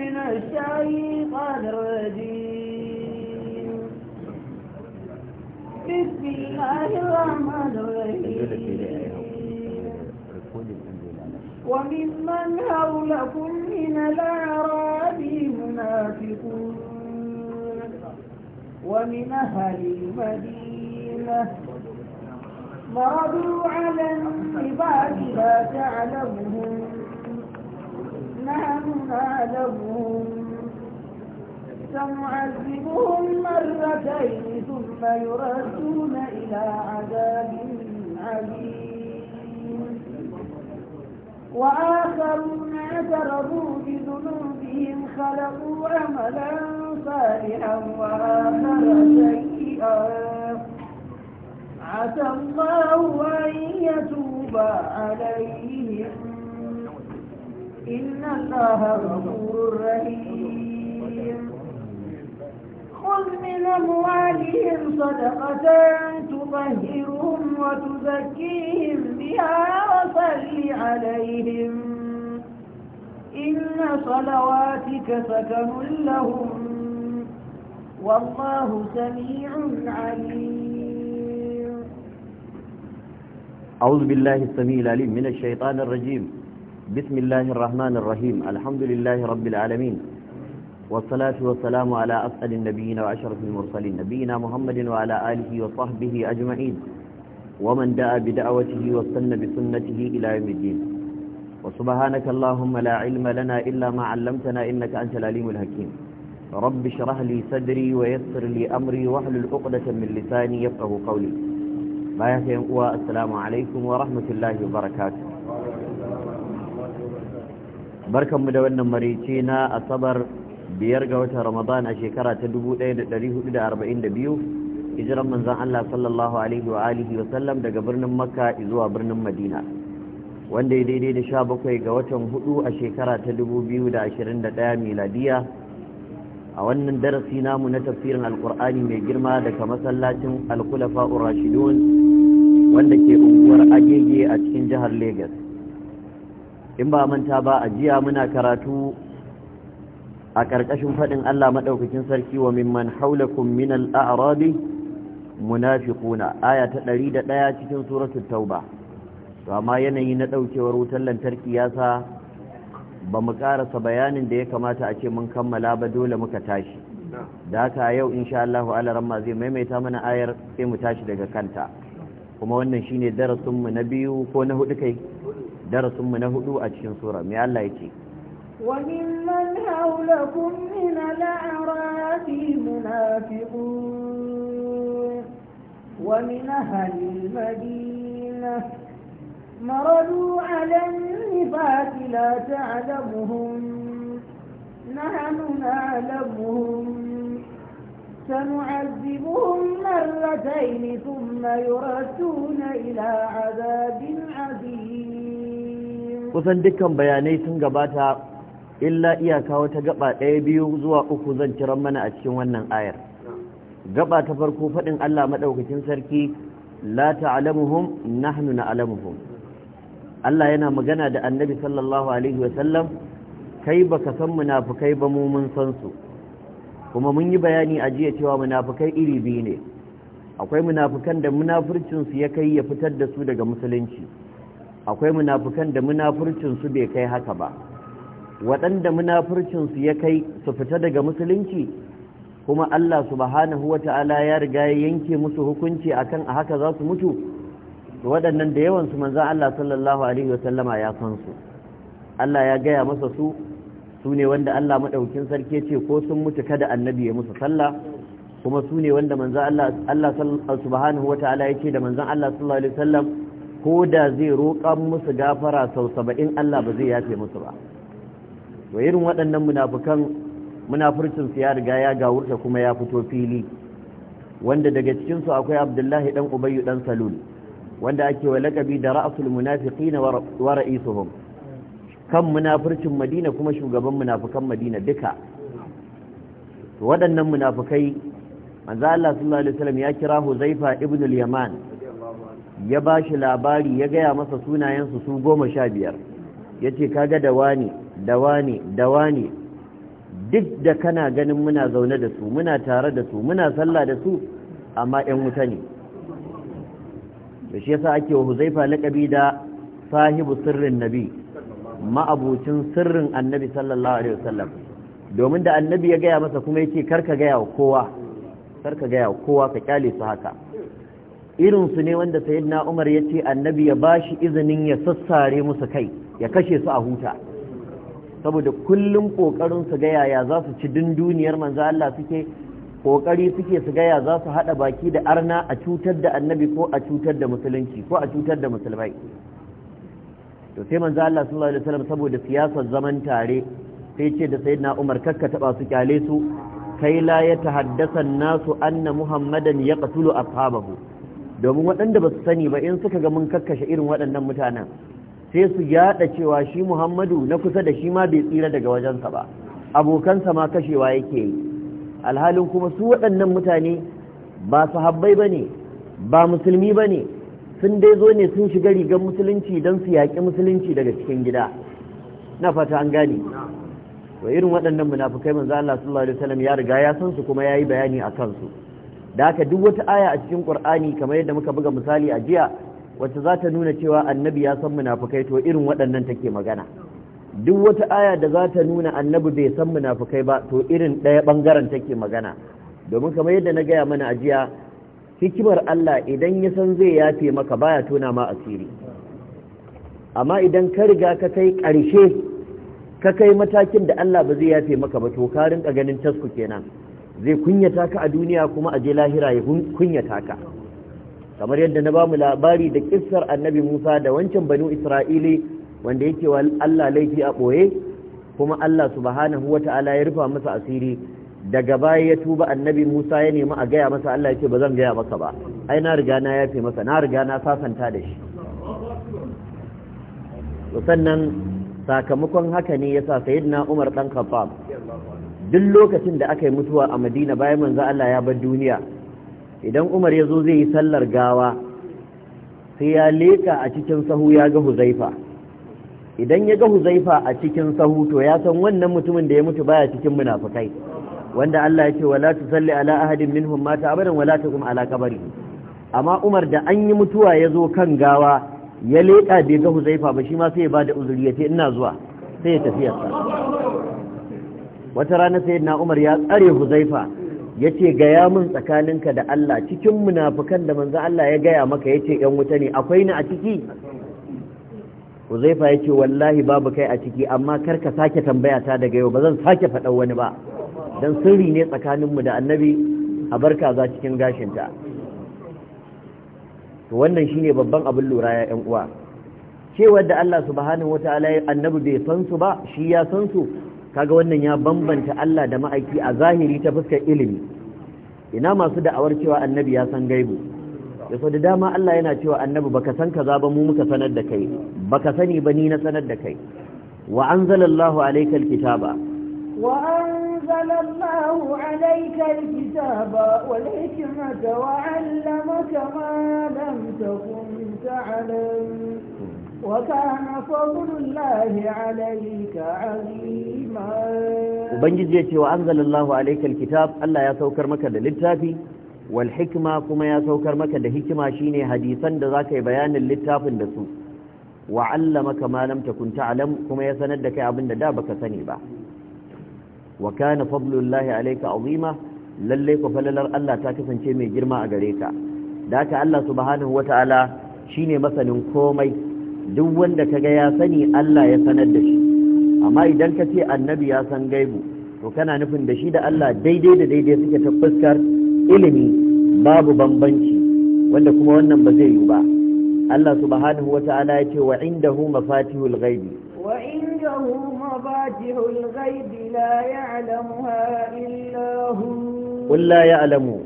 من الشيطان الرجيم بسم الله الرحمن الرحيم وممن حولكم من الأعراب منافقون ومن أهل المدينة مرضوا على النفاق لا تعلمهم سنعذبهم مرتين ثم يردون إلى عذاب عليم وآخرون اعترفوا بذنوبهم خلقوا عملا صالحا وآخر سيئا عسى الله أن يتوب عليهم إن الله غفور رحيم خذ من أموالهم صدقة تطهرهم وتزكيهم بها وصل عليهم إن صلواتك سكن لهم والله سميع عليم أعوذ بالله السميع العليم من الشيطان الرجيم بسم الله الرحمن الرحيم الحمد لله رب العالمين والصلاة والسلام على أسأل النبيين وأشرف المرسلين نبينا محمد وعلى آله وصحبه أجمعين ومن دعا بدعوته واستنى بسنته إلى يوم الدين وسبحانك اللهم لا علم لنا إلا ما علمتنا إنك أنت العليم الحكيم رب اشرح لي صدري ويسر لي أمري واحلل عقدة من لساني يفقه قولي ما يهتم السلام عليكم ورحمة الله وبركاته barkan mu da wannan marice na asabar biyar ga watan ramadan a shekara ta 1442 hijiran manzan Allah sallallahu alaihi wa alihi wa sallam daga birnin makka zuwa birnin madina wanda ya daidai da sha bakwai ga watan hudu a shekara ta 2021 miladiya a wannan darasi namu na tafsirin alkur'ani mai girma daga masallacin alkulafa urashidun wanda ke unguwar agege a cikin jihar lagos in ba manta ba a jiya muna karatu a ƙarƙashin faɗin Allah maɗaukakin sarki wa mimman haulakun min al'arabi munafiquna aya ta ɗari da ɗaya cikin suratun tauba to amma yanayi na ɗaukewar wutar lantarki ya sa ba mu ƙarasa bayanin da ya kamata a ce mun kammala ba dole muka tashi da haka yau insha Allah ramma zai maimaita mana ayar sai mu tashi daga kanta kuma wannan shine darasinmu na biyu ko na hudu kai darasinmu na hudu a cikin sura mai Allah ya ce وممن حولكم من الأعراب منافقون ومن أهل المدينة مرضوا على النفاق لا تعلمهم نحن نعلمهم سنعذبهم مرتين ثم يردون إلى عذاب عظيم kusan dukkan bayanai sun gabata illa iyaka wata gaba ɗaya biyu zuwa uku zan ciran mana a cikin wannan ayar gaba ta farko faɗin Allah maɗaukacin sarki la ta'lamuhum nahnu na'lamuhum Allah yana magana da annabi sallallahu alaihi wasallam kai baka san munafukai ba mu mun san su kuma mun yi bayani a jiya cewa munafukai iri biyu ne akwai munafukan da munafurcinsu su ya kai ya fitar da su daga musulunci akwai munafukan da munafurcinsu bai kai haka ba waɗanda munafurcinsu ya kai su fita daga musulunci kuma Allah subhanahu wa ta'ala ya riga ya yanke musu hukunci akan a haka za su mutu waɗannan da yawansu manzan Allah sallallahu alaihi wasallama ya san su Allah ya gaya masa su su ne wanda Allah maɗaukin sarki ce ko sun mutu kada annabi ya musu sallah kuma su ne wanda manzan Allah subhanahu wata'ala ya ce da manzan Allah sallallahu alaihi wasallam ko da zai roƙa musu gafara sau saba'in Allah ba zai yafe musu ba to irin waɗannan munafukan munafurcin su ya riga ya gawurta kuma ya fito fili wanda daga cikin su akwai Abdullahi ɗan Ubayyu dan Salul wanda ake wa laqabi da ra'sul munafiqina wa ra'isuhum kan munafurcin Madina kuma shugaban munafukan Madina duka waɗannan munafukai manzo Allah sallallahu alaihi wasallam ya kira Huzaifa ibn al-Yaman ya ba shi labari ya gaya masa sunayensu su goma sha biyar ya ce kaga da wani da wani da wani duk da kana ganin muna zaune da su muna tare da su muna sallah da su amma 'yan wuta ne da shi yasa ake wa huzaifa laƙabi da sahibu sirrin nabi ma'abucin sirrin annabi sallallahu alaihi wasallam domin da annabi ya gaya masa kuma yake karka gaya wa karka gaya wa kowa ka kyale su haka irinsu ne wanda na umar ya ce annabi ya ba shi izinin ya sassare musu kai ya kashe su a huta saboda kullum kokarin su ga yaya za su ci dunduniyar manzo Allah suke kokari suke su ga za su hada baki da arna a cutar da annabi ko a cutar da musulunci ko a cutar da musulmai to sai manzo Allah sallallahu alaihi wasallam saboda siyasar zaman tare sai ce da sayyidina Umar kakka taba su kyale su kai la ya tahaddasa nasu anna muhammadan yaqtulu ashabahu domin waɗanda ba su sani ba in suka ga mun kakkashe irin waɗannan mutanen sai su yaɗa cewa shi muhammadu na kusa da shi ma bai tsira daga wajensa ba abokansa ma kashewa yake yi alhalin kuma su waɗannan mutane ba su habbai ba ne ba musulmi ba ne sun dai zo ne sun shiga rigar musulunci don su yaƙi musulunci daga cikin gida na fata an gane wa irin waɗannan munafukai manzo Allah sallallahu alaihi wasallam ya riga ya san su kuma yayi bayani a kansu da haka duk wata aya a cikin qur'ani kamar yadda muka buga misali a jiya wacce za ta nuna cewa annabi ya san munafukai to irin waɗannan take magana duk wata aya da za ta nuna annabi bai san munafukai ba to irin ɗaya ɓangaren take magana domin kamar yadda na gaya mana a jiya hikimar Allah idan ya san zai yafe maka baya tona ma asiri amma idan ka riga ka kai ƙarshe ka kai matakin da Allah ba zai yafe maka ba to ka rinka ganin tasku kenan zai kunyata ka a duniya kuma a je lahira ya kunyata ka kamar yadda na bamu labari da kissar annabi Musa da wancan banu Isra'ili wanda yake wa Allah laifi a boye kuma Allah subhanahu wata'ala ya rufa masa asiri daga baya ya tuba annabi Musa ya nemi a gaya masa Allah ya ce ba zan gaya maka ba ai na riga na yafe masa na riga na sasanta da shi sannan sakamakon haka ne yasa sayyidina Umar dan Khattab duk lokacin da aka yi mutuwa a madina bayan manzo Allah ya bar duniya idan umar ya zo zai yi sallar gawa sai ya leka a cikin sahu ya ga huzaifa idan ya ga huzaifa a cikin sahu to ya san wannan mutumin da ya mutu baya cikin munafukai wanda Allah ya ce wala tusalli ala ahadin minhum mata abadan wala taqum ala qabrihi amma Umar da an yi mutuwa ya zo kan gawa ya leka bai ga huzaifa ba shi ma sai ya bada uzuri ina zuwa sai ya tafi wata rana sai, Umar ya tsare Huzaifa yace ga ya mun tsakaninka da Allah cikin munafukan da manzan Allah ya gaya maka Ya ce yan wuta ne akwai ni a ciki Huzaifa ya ce, wallahi babu kai a ciki amma kar ka sake tambaya ta daga yau ba zan sake faɗa wani ba dan sirri ne tsakaninmu da Annabi a barka za cikin gashinta to wannan shine babban abin lura ya yan uwa cewar da Allah subhanahu wataala annabi bai san su ba shi ya san su kaga wannan ya bambanta Allah da ma'aiki a zahiri ta fuskar ilimi ina masu da'awar cewa annabi ya san gaibu yaso da dama Allah yana cewa annabi baka san kaza ba mu muka sanar da kai baka sani ba ni na sanar da kai wa anzalallahu alayka alkitaba wa anzalallahu alayka alkitaba wal hikmata wa 'allamaka ma lam takun ta'lam وكان فضل الله عليك عظيما وبنجد يتي وأنزل الله عليك الكتاب ألا يسوكر مكة للتافي والحكمة كما يسوكر مكة لهكما شيني حديثا ذاك بيان للتاف النسو وعلمك ما لم تكن تعلم كما يسندك أبن دابك سنيبا وكان فضل الله عليك عظيما lalle ku falalar Allah ta kasance mai girma a gare ka da haka Allah subhanahu wataala shine masanin komai duk wanda ka ga ya sani Allah ya sanar da shi amma idan ka ce annabi ya san gaibu to kana nufin da shi da Allah daidai da daidai suke ta fuskar ilimi babu bambanci wanda kuma wannan ba zai yi ba Allah subhanahu wata'ala ya ce wa indahu mafatihul ghaibi wa indahu mafatihul ghaibi la ya'lamuha illa hu qul la ya'lamu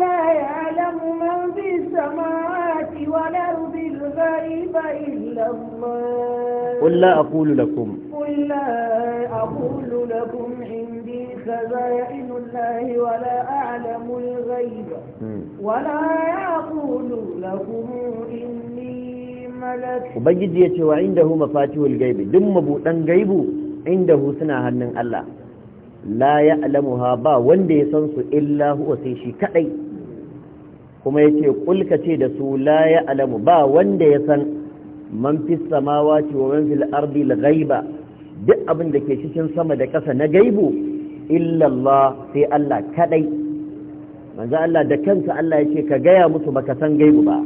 لا يعلم من في السماوات والأرض الغيب إلا الله قل لا أقول لكم قل لا أقول لكم عندي خزائن الله ولا أعلم الغيب ولا أقول لكم إني ملك وبجد يتوى عنده مفاتيح الغيب دم بوتن غيب عنده سنة هنن الله la ha ba wanda ya san su illa huwa sai shi kadai kuma yace kulka ce da su la ya'lamu ba wanda ya san man fis samawati wa man fil ardi al ghaiba duk abin da ke cikin sama da kasa na gaibu illa Allah sai Allah kadai manzo Allah da kansa Allah yace ka gaya musu baka san gaibu ba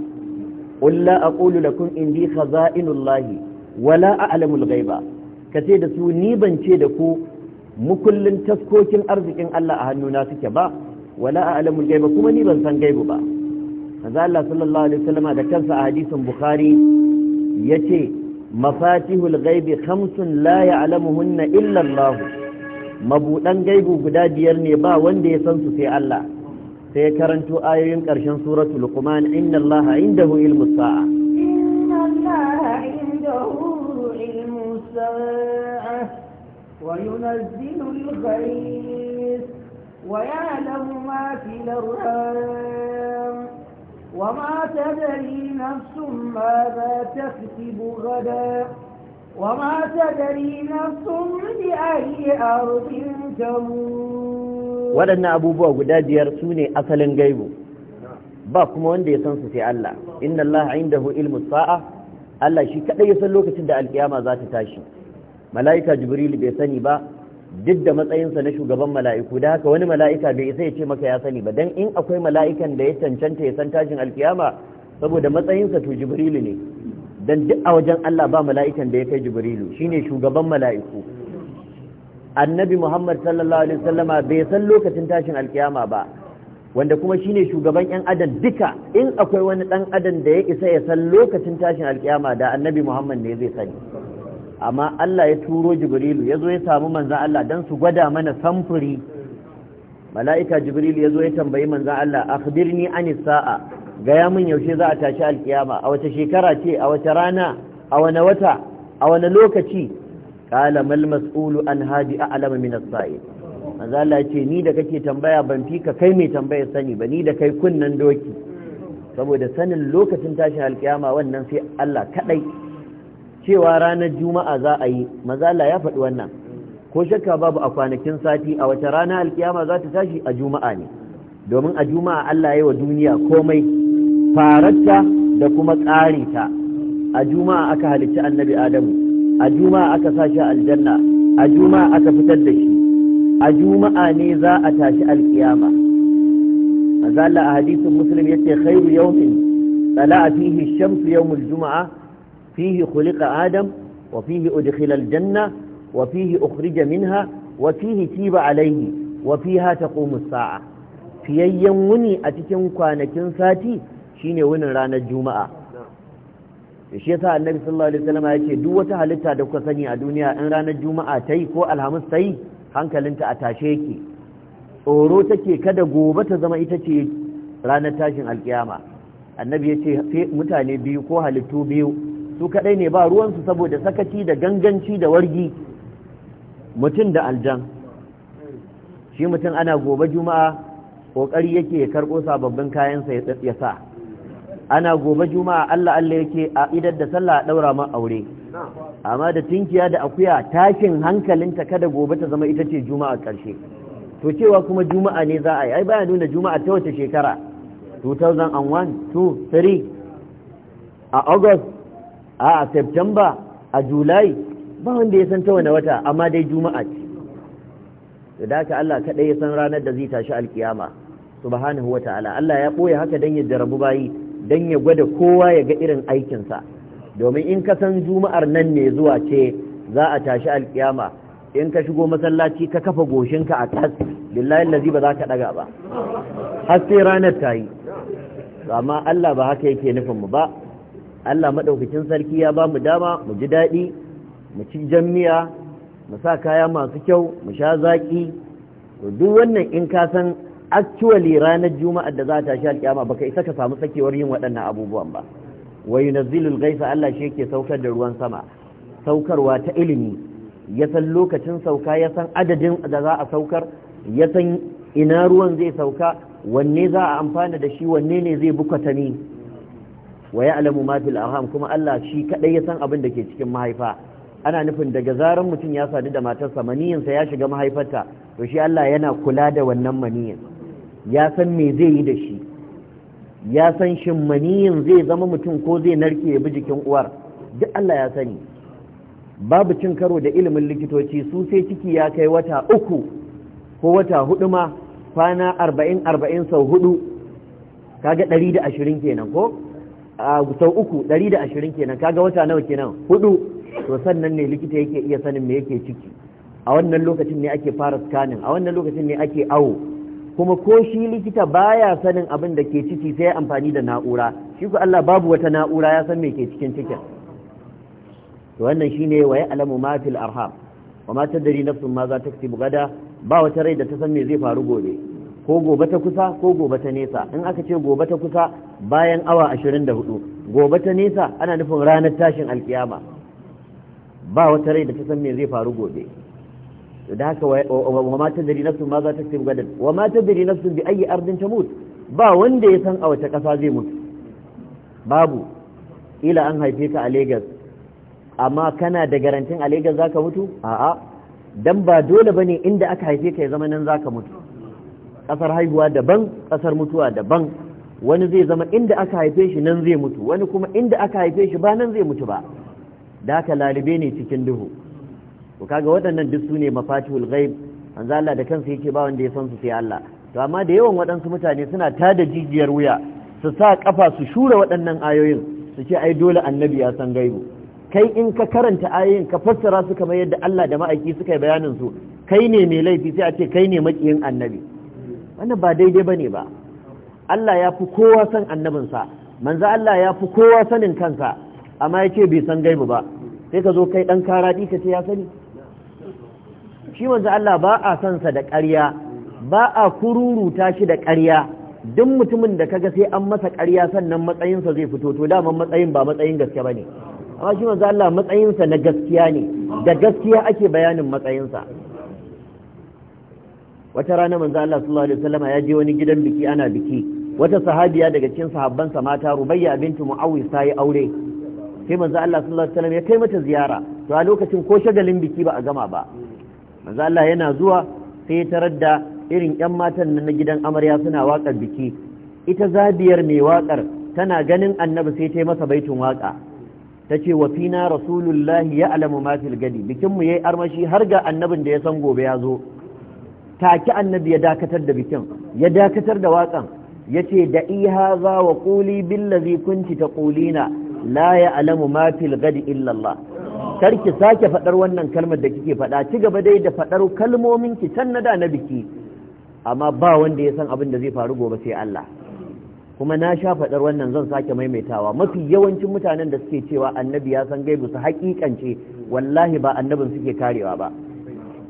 qul la aqulu lakum indi khaza'inullahi wala a'lamul ghaiba kace da su ni ban ce da ku mukullin taskokin arzikin Allah a hannuna suke ba wala a'lamul gaiba kuma ni ban san gaibu ba manzo Allah sallallahu alaihi wasallama da kansa a hadisin bukhari yace mafatihul ghaibi khamsun la ya'lamuhunna illa Allah mabudan gaibu guda biyar ne ba wanda ya san su sai Allah sai ya karanto ayoyin karshen suratul luqman inna Allah indahu ilmus sa'a inna Allah indahu ilmus sa'a وينزل الغيث ويعلم ما في الأرحام وما تدري نفس ماذا تكسب غدا وما تدري نفس بأي أرض تموت ولنا أبو بوغ دادير سوني أصل غيبه ba kuma wanda ya san su sai Allah inna Allah indahu ilmu sa'a Allah shi kadai ya san lokacin da alkiyama za ta tashi mala'ika Jibrilu bai sani ba duk da matsayinsa na shugaban mala'iku da haka wani mala'ika bai isa ya ce maka ya sani ba dan in akwai mala'ikan da ya cancanta ya san tashin alkiyama saboda matsayinsa to jibrilu ne dan duk a wajen Allah ba mala'ikan da ya kai jibrilu shine shugaban mala'iku annabi Muhammad sallallahu alaihi wasallama bai san lokacin tashin alkiyama ba wanda kuma shine shugaban yan adam duka in akwai wani ɗan adam da ya isa ya san lokacin tashin alkiyama da annabi Muhammad ne zai sani amma Allah ya turo jibrilu ya zo ya samu manzan Allah don su gwada mana samfuri mala'ika jibrilu ya zo ya tambayi manzan Allah akhbirni an sa'a gaya min yaushe za a tashi alkiyama a wace shekara ce a wace rana a wane wata a wane lokaci qala mas'ulu an hadi a'lam min as manzan Allah ce ni da kake tambaya ban fi ka kai mai tambayar sani ba ni da kai kunnan doki saboda sanin lokacin tashin alkiyama wannan sai Allah kaɗai. cewa ranar juma'a za a yi mazala ya faɗi wannan ko shakka babu a kwanakin sati a wace rana alkiyama za ta tashi a juma'a ne domin a juma'a Allah ya yi wa duniya komai fararta da kuma ƙarita, ta a juma'a aka halicci annabi adamu a juma'a aka sa shi aljanna a juma'a aka fitar da shi a juma'a ne za a tashi alkiyama mazala a hadisin muslim yace khairu yawmin tsala fihi shamsu yawmul juma'a فيه خلق Adam, wafihi أدخل Janna, wafihi أخرج منها wafihi تيب عليه وفيها تقوم الساعة في أيام وني أتكن كانكن ساتي شيني ون رانا الجمعة shi yasa annabi sallallahu alaihi wasallam ya ce duk wata halitta da kuka sani a duniya in ranar juma'a ta yi ko alhamis ta yi hankalinta a tashe yake tsoro take kada gobe ta zama ita ce ranar tashin alkiyama annabi ya ce mutane biyu ko halittu biyu su kaɗai ne ba ruwansu saboda sakaci da ganganci da wargi mutum da aljan shi mutum ana gobe juma'a ƙoƙari yake ya karɓo sababbin kayansa ya sa ana gobe juma'a Allah Allah yake a idar da sallah a ɗaura ma aure amma da tinkiya da akuya tashin hankalinta kada gobe ta zama ita ce juma'a ƙarshe to cewa kuma juma'a ne za a yi ai baya nuna juma'a ta wace shekara 2001 2003 a august a septemba a Julai ba wanda ya san ta wani wata amma dai juma'a ce da haka Allah kaɗai ya san ranar da zai tashi alkiyama subhanahu wa ta'ala Allah ya ɓoye haka don ya jarabu bayi don ya gwada kowa ya ga irin aikinsa domin in ka san juma'ar nan ne zuwa ce za a tashi alkiyama in ka shigo masallaci ka kafa goshinka a tas billahi lazi ba za ka daga ba har sai ranar ta yi amma Allah ba haka yake nufin mu ba Allah maɗaukacin sarki ya ba mu dama mu ji daɗi mu ci jam'iya mu sa kaya masu kyau mu sha zaƙi to duk wannan in ka san actually ranar juma'ar da za ta sha alƙiyama baka isa ka samu sakewar yin waɗannan abubuwan ba wa yunazzilul ghaisa Allah shi yake saukar da ruwan sama saukarwa ta ilimi ya san lokacin sauka ya san adadin da za a saukar ya san ina ruwan zai sauka wanne za a amfana da shi wanne ne zai bukata ni wa Alamu ma fil arham kuma Allah shi kadai ya san abin da ke cikin mahaifa ana nufin daga zaran mutum ya sadu da matarsa maniyinsa ya shiga mahaifarta to shi Allah yana kula da wannan maniyin ya san me zai yi da shi ya san shin maniyin zai zama mutum ko zai narke ya bi jikin uwar duk Allah ya sani babu cin karo da ilimin likitoci su sai ciki ya kai wata uku ko wata hudu ma kwana arba'in arba'in sau hudu kaga ɗari da ashirin kenan ko sau uku ɗari da ashirin kenan kaga wata nawa kenan hudu to sannan ne likita yake iya sanin me yake ciki a wannan lokacin ne ake fara scanning a wannan lokacin ne ake awo kuma ko shi likita baya sanin abin da ke ciki sai amfani da na'ura shi ku Allah babu wata na'ura ya san me ke cikin cikin to wannan shine waye alamu ma fil arham wa ma tadri nafsun ma za taksibu gada ba wata rai da ta san me zai faru gobe ko gobe ta kusa ko gobe ta nesa in aka ce gobe ta kusa bayan awa 24 gobe ta nesa ana nufin ranar tashin alkiyama ba wata rai da ta san me zai faru gobe da haka wa ma dari nafsu ma za ta tsibu gadan wa ma dari nafsu bi ayi ardin tamut ba wanda ya san a wace kasa zai mutu babu ila an haife ka a Lagos amma kana da garantin a Lagos zaka mutu a'a dan ba dole bane inda aka haife ka ya zama nan zaka mutu ƙasar haihuwa daban ƙasar mutuwa daban wani zai zama inda aka haife shi nan zai mutu wani kuma inda aka haife shi ba nan zai mutu ba da aka lalube ne cikin duhu to kaga waɗannan duk su ne mafatihul ghaib manzo Allah da kansa yake ba wanda ya san su sai Allah to amma da yawan waɗansu mutane suna tada jijiyar wuya su sa kafa su shura waɗannan ayoyin su ce ai dole annabi ya san gaibu kai in ka karanta ayoyin ka fassara su kamar yadda Allah da ma'aiki suka yi bayanin su kai ne mai laifi sai a ce kai ne makiyin annabi wannan ba daidai ba ne ba Allah ya fi kowa san annabinsa manza Allah ya fi kowa sanin kansa amma ya ce bai san gaibu ba sai ka zo kai ɗan karaɗi ka ce ya sani shi manza Allah ba a san da ƙarya ba a ta shi da ƙarya duk mutumin da kaga sai an masa ƙarya sannan matsayinsa zai fito to dama matsayin ba matsayin gaske ba ne. amma shi manza Allah matsayinsa na gaskiya ne da gaskiya ake bayanin matsayinsa wata rana manzo Allah sallallahu alaihi wasallam ya je wani gidan biki ana biki wata sahabiya daga cikin sahabban sa mata Rubayya bintu Muawwis ta yi aure sai manzo Allah sallallahu alaihi wasallam ya kai mata ziyara to a lokacin ko shagalin biki ba a gama ba manzo Allah yana zuwa sai ya tarar irin ƴan matan na gidan amarya suna wakar biki ita zabiyar mai wakar tana ganin annabi sai ta yi masa baitin waka ta ce wa fina rasulullahi ya alamu ma gadi bikinmu ya yi armashi har ga annabin da ya san gobe ya zo Taki annabi ya dakatar da bikin ya dakatar da waƙan yace ce da za wa quli billazi kunci ta ƙulina la ya'lamu alamu ma fil gadi illallah sarki sake faɗar wannan kalmar da kike faɗa ci gaba dai da faɗar kalmomin ki can na da na biki amma ba wanda ya san abin da zai faru gobe sai Allah kuma na sha faɗar wannan zan sake maimaitawa mafi yawancin mutanen da suke cewa annabi ya san gaibu su haƙiƙance wallahi ba annabin suke karewa ba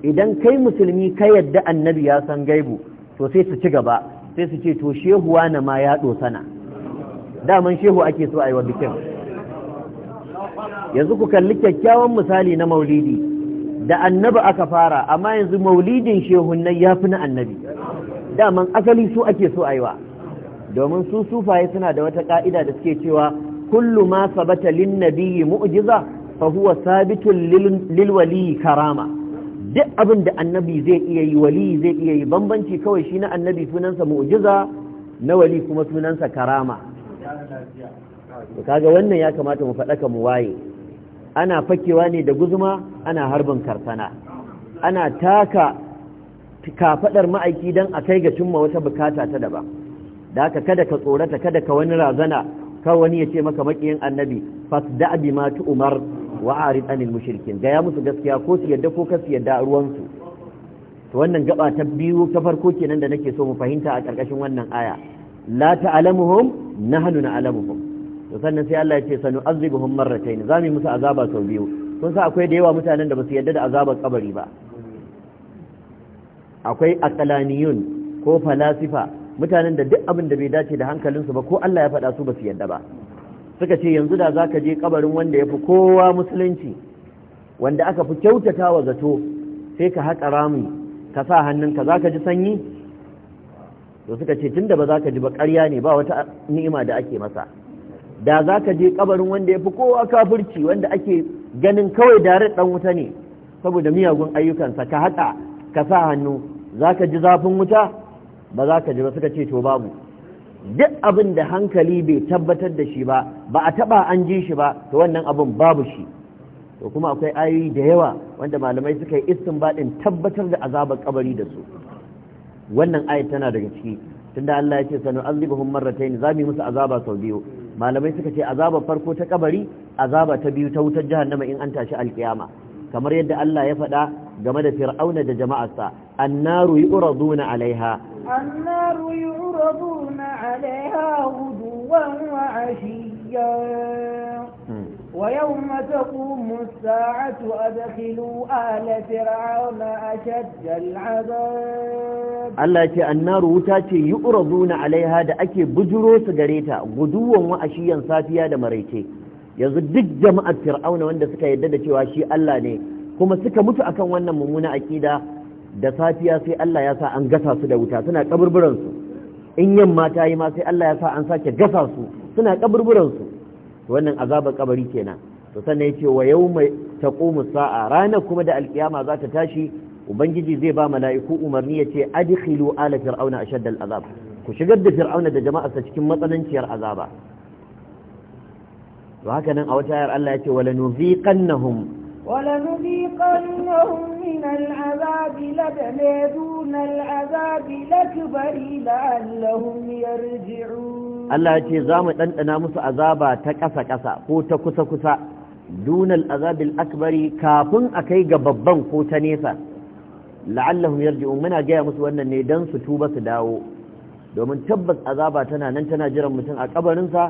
idan kai musulmi ka yadda annabi ya san gaibu to sai su ci gaba sai su ce to shehu na ma ya sana daman shehu ake so a yi wa bikin yanzu ku kalli kyakkyawan misali na maulidi da annabi aka fara amma yanzu maulidin shehun nan ya fi na annabi daman asali su ake so a yi wa domin su sufaye suna da wata ka'ida da suke cewa kullu ma sabata lin nabiyyi mu'jiza fa huwa sabitun lil waliyyi karama duk abin da annabi zai iya yi wali zai iya yi bambanci kawai shi na annabi sunansa mu'ujiza na wali kuma sunansa karama kaga wannan ya kamata mu faɗaka mu waye ana fakewa ne da guzuma ana harbin karsana ana taka kafaɗar ma'aiki don a kai ga cimma wata bukata ta daban da haka kada ka tsorata kada ka wani razana kar wani ya ce maka makiyin annabi fasda bi ma tu'mar wa arid anil mushrikin ga musu gaskiya ko su yadda ko kasu yadda ruwansu to wannan gaba ta biyu ta farko kenan da nake so mu fahimta a ƙarƙashin wannan aya la ta'lamuhum nahnu na'lamuhum to sannan sai Allah ya ce sanu azibuhum marratayn zamu musu azaba sau biyu kun sa akwai da yawa mutanen da basu yadda da azabar kabari ba akwai aqlaniyun ko falasifa mutanen da duk abin da bai dace da hankalinsu ba ko Allah ya faɗa su basu yadda ba suka ce yanzu da zaka je kabarin wanda ya fi kowa musulunci wanda aka fi kyautata wa zato sai ka haƙa rami ka sa hannunka ka ji sanyi to suka ce tun da ba za ka ji ba ƙarya ne ba wata ni'ima da ake masa da za ka je kabarin wanda ya fi kowa kafirci wanda ake ganin kawai dare dan wuta ne saboda miyagun ayyukansa ka haƙa ka sa hannu za ka ji zafin wuta ba za ka ji ba suka ce to babu duk abin da hankali bai tabbatar da shi ba ba a taba an ji shi ba to wannan abin babu shi to kuma akwai ayoyi da yawa wanda malamai suka yi istinbadin tabbatar da azabar kabari da su wannan ayat tana daga ciki tunda Allah ya ce sanu azibuhum marratayn zami musu azaba sau biyu malamai suka ce azabar farko ta kabari azaba ta biyu ta wutar jahannama in an tashi alkiyama kamar yadda Allah ya faɗa game da fir'auna da jama'arsa annaru yuraduna alaiha النار يعرضون عليها غدوا وعشيا ويوم تقوم الساعة أدخلوا آل فرعون أشد العذاب الله يتي النار وتاتي يؤرضون عليها دا أكي بجرو سجريتا غدوا وعشيا صافيا دا مريتي yanzu duk jama'ar fir'auna wanda suka yadda da cewa shi Allah ne kuma suka mutu akan wannan mummuna akida da safiya sai Allah ya sa an gasa su da wuta suna kaburburan su in yamma ta yi ma sai Allah ya sa an sake gasa su suna kaburburan su wannan azabar kabari kenan to sannan yace wa yawma taqumu sa'a ranar kuma da alkiyama za ta tashi ubangiji zai ba mala'iku umarni yace adkhilu ala fir'auna ashadda al'azab ku shigar da fir'auna da jama'arsa cikin matsananciyar azaba to haka nan a wata ayar Allah yace wala nuziqannahum ولنذيقنهم من العذاب لدنا دون العذاب الأكبر لعلهم يرجعون الله يجي زامن أننا مس عذابا تكسا كسا هو تكسا كسا دون العذاب الأكبر كافن أكي جببان هو تنيسا la'allahum yarji'un muna gaya musu wannan ne dan su tuba su dawo domin tabbas azaba tana nan tana jiran mutum a kabarinsa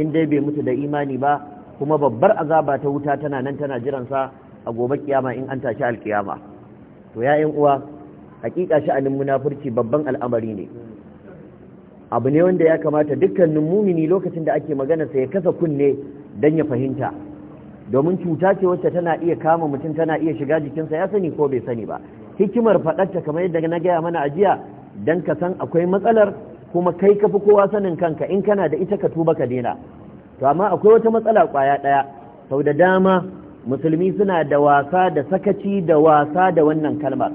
in dai bai musu da imani ba kuma babbar azaba ta wuta tana nan tana jiransa a gobe kiyama in an tashi alkiyama to ya'yan uwa hakika sha'anin munafurci babban al'amari ne abu ne wanda ya kamata dukkanin mumini lokacin da ake magana sa ya kasa kunne dan ya fahimta domin cuta ce wacce tana iya kama mutum tana iya shiga jikinsa ya sani ko bai sani ba hikimar faɗarta kamar yadda na gaya mana ajiya don ka san akwai matsalar kuma kai kafi kowa sanin kanka in kana da ita ka tuba ka daina to amma akwai wata matsala kwaya ɗaya sau da dama musulmi suna da wasa da sakaci da wasa da wannan kalmar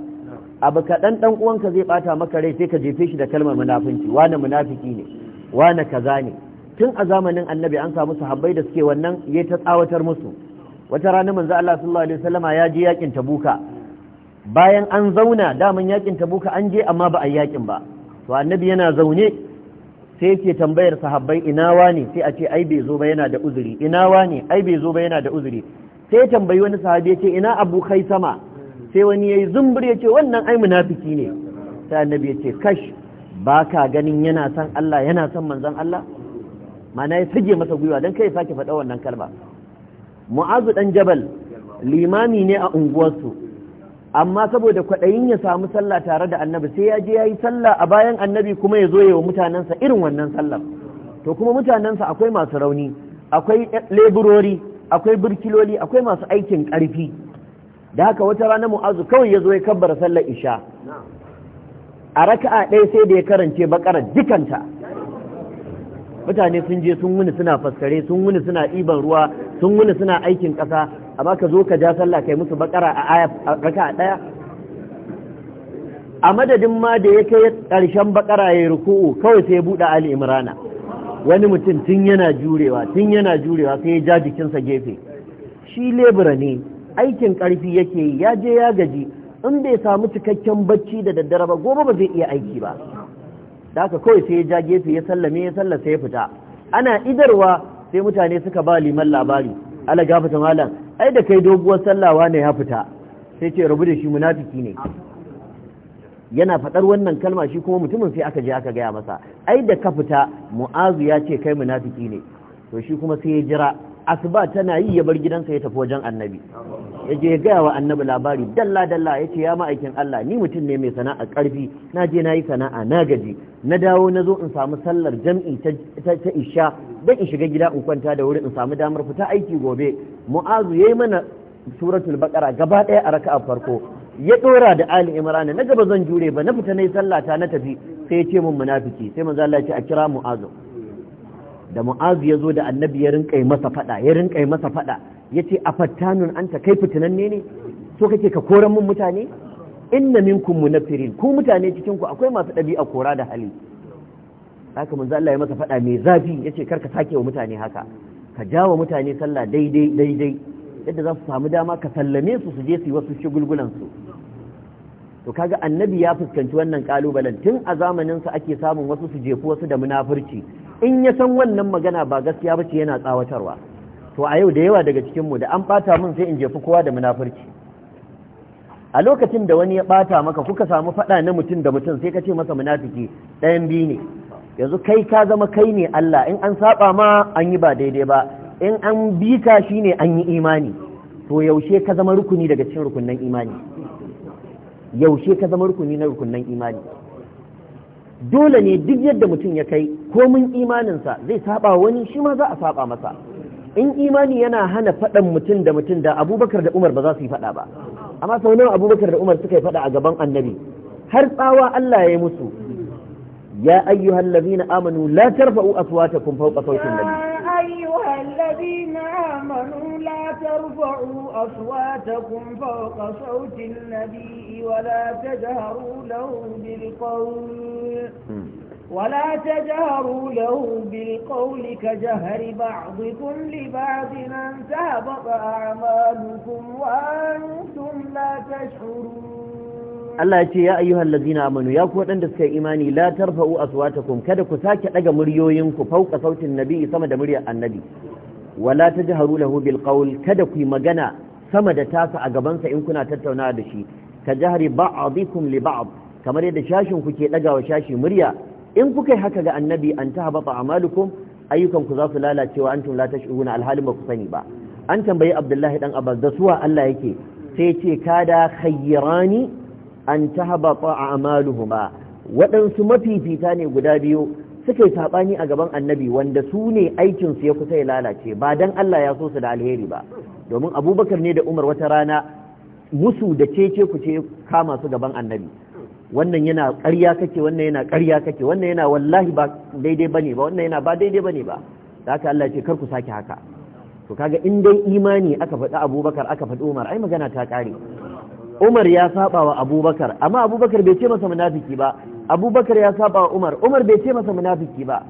abu kaɗan ɗan uwanka zai ɓata maka rai sai ka jefe shi da kalmar munafunci wane munafiki ne wane kaza ne tun a zamanin annabi an samu sahabbai da suke wannan ya ta tsawatar musu wata rana manzo Allah sallallahu alaihi wasallama ya je yakin tabuka bayan an zauna daman yakin tabuka an je amma ba a yakin ba to annabi yana zaune sai yake tambayar sahabbai ina wani sai a ce ai bai zo ba yana da uzuri ina wani ai bai zo ba yana da uzuri sai tambayi wani sahabi ya ce ina abu kai sama sai wani yayi zumbur ya ce wannan ai munafiki ne sai annabi ya ce kash ba ka ganin yana son Allah yana son manzon Allah mana ya sage masa gwiwa dan kai sake faɗa wannan kalma mu'azu dan jabal limami ne a unguwarsu amma saboda kwaɗayin ya samu sallah tare da annabi sai ya je ya yi sallah a bayan annabi kuma ya zo ya wa mutanensa irin wannan sallar to kuma mutanensa akwai masu rauni akwai leburori akwai birkiloli akwai masu aikin ƙarfi da haka wata rana mu'azu kawai ya zo ya kabbara sallar isha a raka'a ɗaya sai da ya karance bakarar jikanta mutane sun je sun wuni suna faskare sun wuni suna ɗiban ruwa sun wuni suna aikin ƙasa amma ka zo ka ja sallah kai musu bakara a aya raka daya a madadin ma da ya kai karshen bakara ya ruku'u kawai sai ya buɗe ali imrana wani mutum tun yana jurewa tun yana jurewa sai ya ja jikinsa gefe shi lebura ne aikin karfi yake yi ya je ya gaji in bai samu cikakken bacci da daddare ba gobe ba zai iya aiki ba da haka kawai sai ya ja gefe ya sallame ya sai ya fita ana idarwa sai mutane suka ba liman labari ala gafata malam ai da kai doguwar sallawa ne ya fita sai ce rabu da shi munafiki ne yana faɗar wannan kalma shi kuma mutumin sai aka je aka gaya masa ai da ka fita mu'azu ya ce kai munafiki ne to shi kuma sai ya jira asuba tana yi ya bar gidansa ya tafi wajen annabi ya je ya gaya wa annabi labari dalla dalla ya ce ya ma'aikin Allah ni mutum ne mai sana'a ƙarfi na je na yi sana'a na gaji na dawo na zo in samu sallar jam'i ta isha don in shiga gida in kwanta da wuri in samu damar fita aiki gobe mu'azu ya yi mana suratul baƙara gaba ɗaya a raka a farko ya ɗora da ali imran na gaba zan jure ba na fita na yi sallata na tafi sai ya ce mun munafiki sai manzo Allah ya ce a kira mu'azu da mu'azu ya zo da annabi ya rinka masa fada ya rinka masa fada ya ce a fattanun anta kai fitinan ne so kake ka koran mun mutane inna minkum munafirin ku mutane cikin ku akwai masu ɗabi'a kora da hali haka manzo Allah ya masa fada mai zafi yace ka sake wa mutane haka ka jawo mutane sallah daidai daidai yadda za su samu dama ka sallame su su je su yi wasu shigulgulan su to kaga annabi ya fuskanci wannan kalubalen tun a zamaninsa sa ake samun wasu su jefu wasu da munafurci in ya san wannan magana ba gaskiya ba ce yana tsawatarwa to a yau da yawa daga cikinmu da an ɓata mun sai in jefi kowa da munafurci a lokacin da wani ya ɓata maka kuka samu faɗa na mutum da mutum sai ka ce masa munafiki ɗayan biyu ne yanzu kai ka zama kai ne Allah in an saba ma an yi ba daidai ba in an bi ka shine an yi imani to yaushe ka zama rukuni daga cikin rukunnan imani yaushe ka zama rukuni na rukunnan imani dole ne duk yadda mutum ya kai komin imaninsa zai saba wani shi ma za a saba masa in imani yana hana faɗan mutum da mutum da abubakar da umar ba za su yi faɗa ba amma sau nawa abubakar da umar suka yi faɗa a gaban annabi har tsawa allah ya yi musu ya ayyuhallazina amanu la tarfa'u aswatakum fawqa sawtin nabi ترفعوا أصواتكم فوق صوت النبي ولا تجهروا له بالقول ولا تجهروا له بالقول كجهر بعضكم لبعض أن تهبط أعمالكم وأنتم لا تشعرون Allah ya ce ya ayyuhal ladina amanu ya ku waɗanda suka yi imani la tarfa'u aswatakum kada ku sake daga muryoyinku fauka sautin nabi sama da muryar annabi wala tajharu lahu bil kada ku magana sama da tasa a gabansa in kuna tattaunawa da shi ka jihari ba'dikum li ba'd kamar yadda shashin ku ke daga wa shashi murya in kuka haka ga annabi an tahabata amalukum ayyukan ku za su lalacewa antum la tash'uruna alhalin ba ku sani ba an tambayi abdullahi dan abbas da suwa Allah yake sai ce kada khayrani an tahabata amaluhuma waɗansu mafifita ne guda biyu suka yi saɓani a gaban annabi wanda su ne aikinsu ya kusa ya lalace ba don Allah ya so su da alheri ba domin abubakar ne da umar wata rana musu da cece ku ce kama su gaban annabi wannan yana ƙarya kake wannan yana ƙarya kake wannan yana wallahi ba daidai bane ba wannan yana ba daidai bane ba da haka Allah ce kar ku sake haka to kaga in dai imani aka faɗi abubakar aka faɗi umar ai magana ta ƙare umar ya saba wa abubakar amma abubakar bai ce masa munafiki ba abubakar ya saba umar umar bai ce masa munafiki ba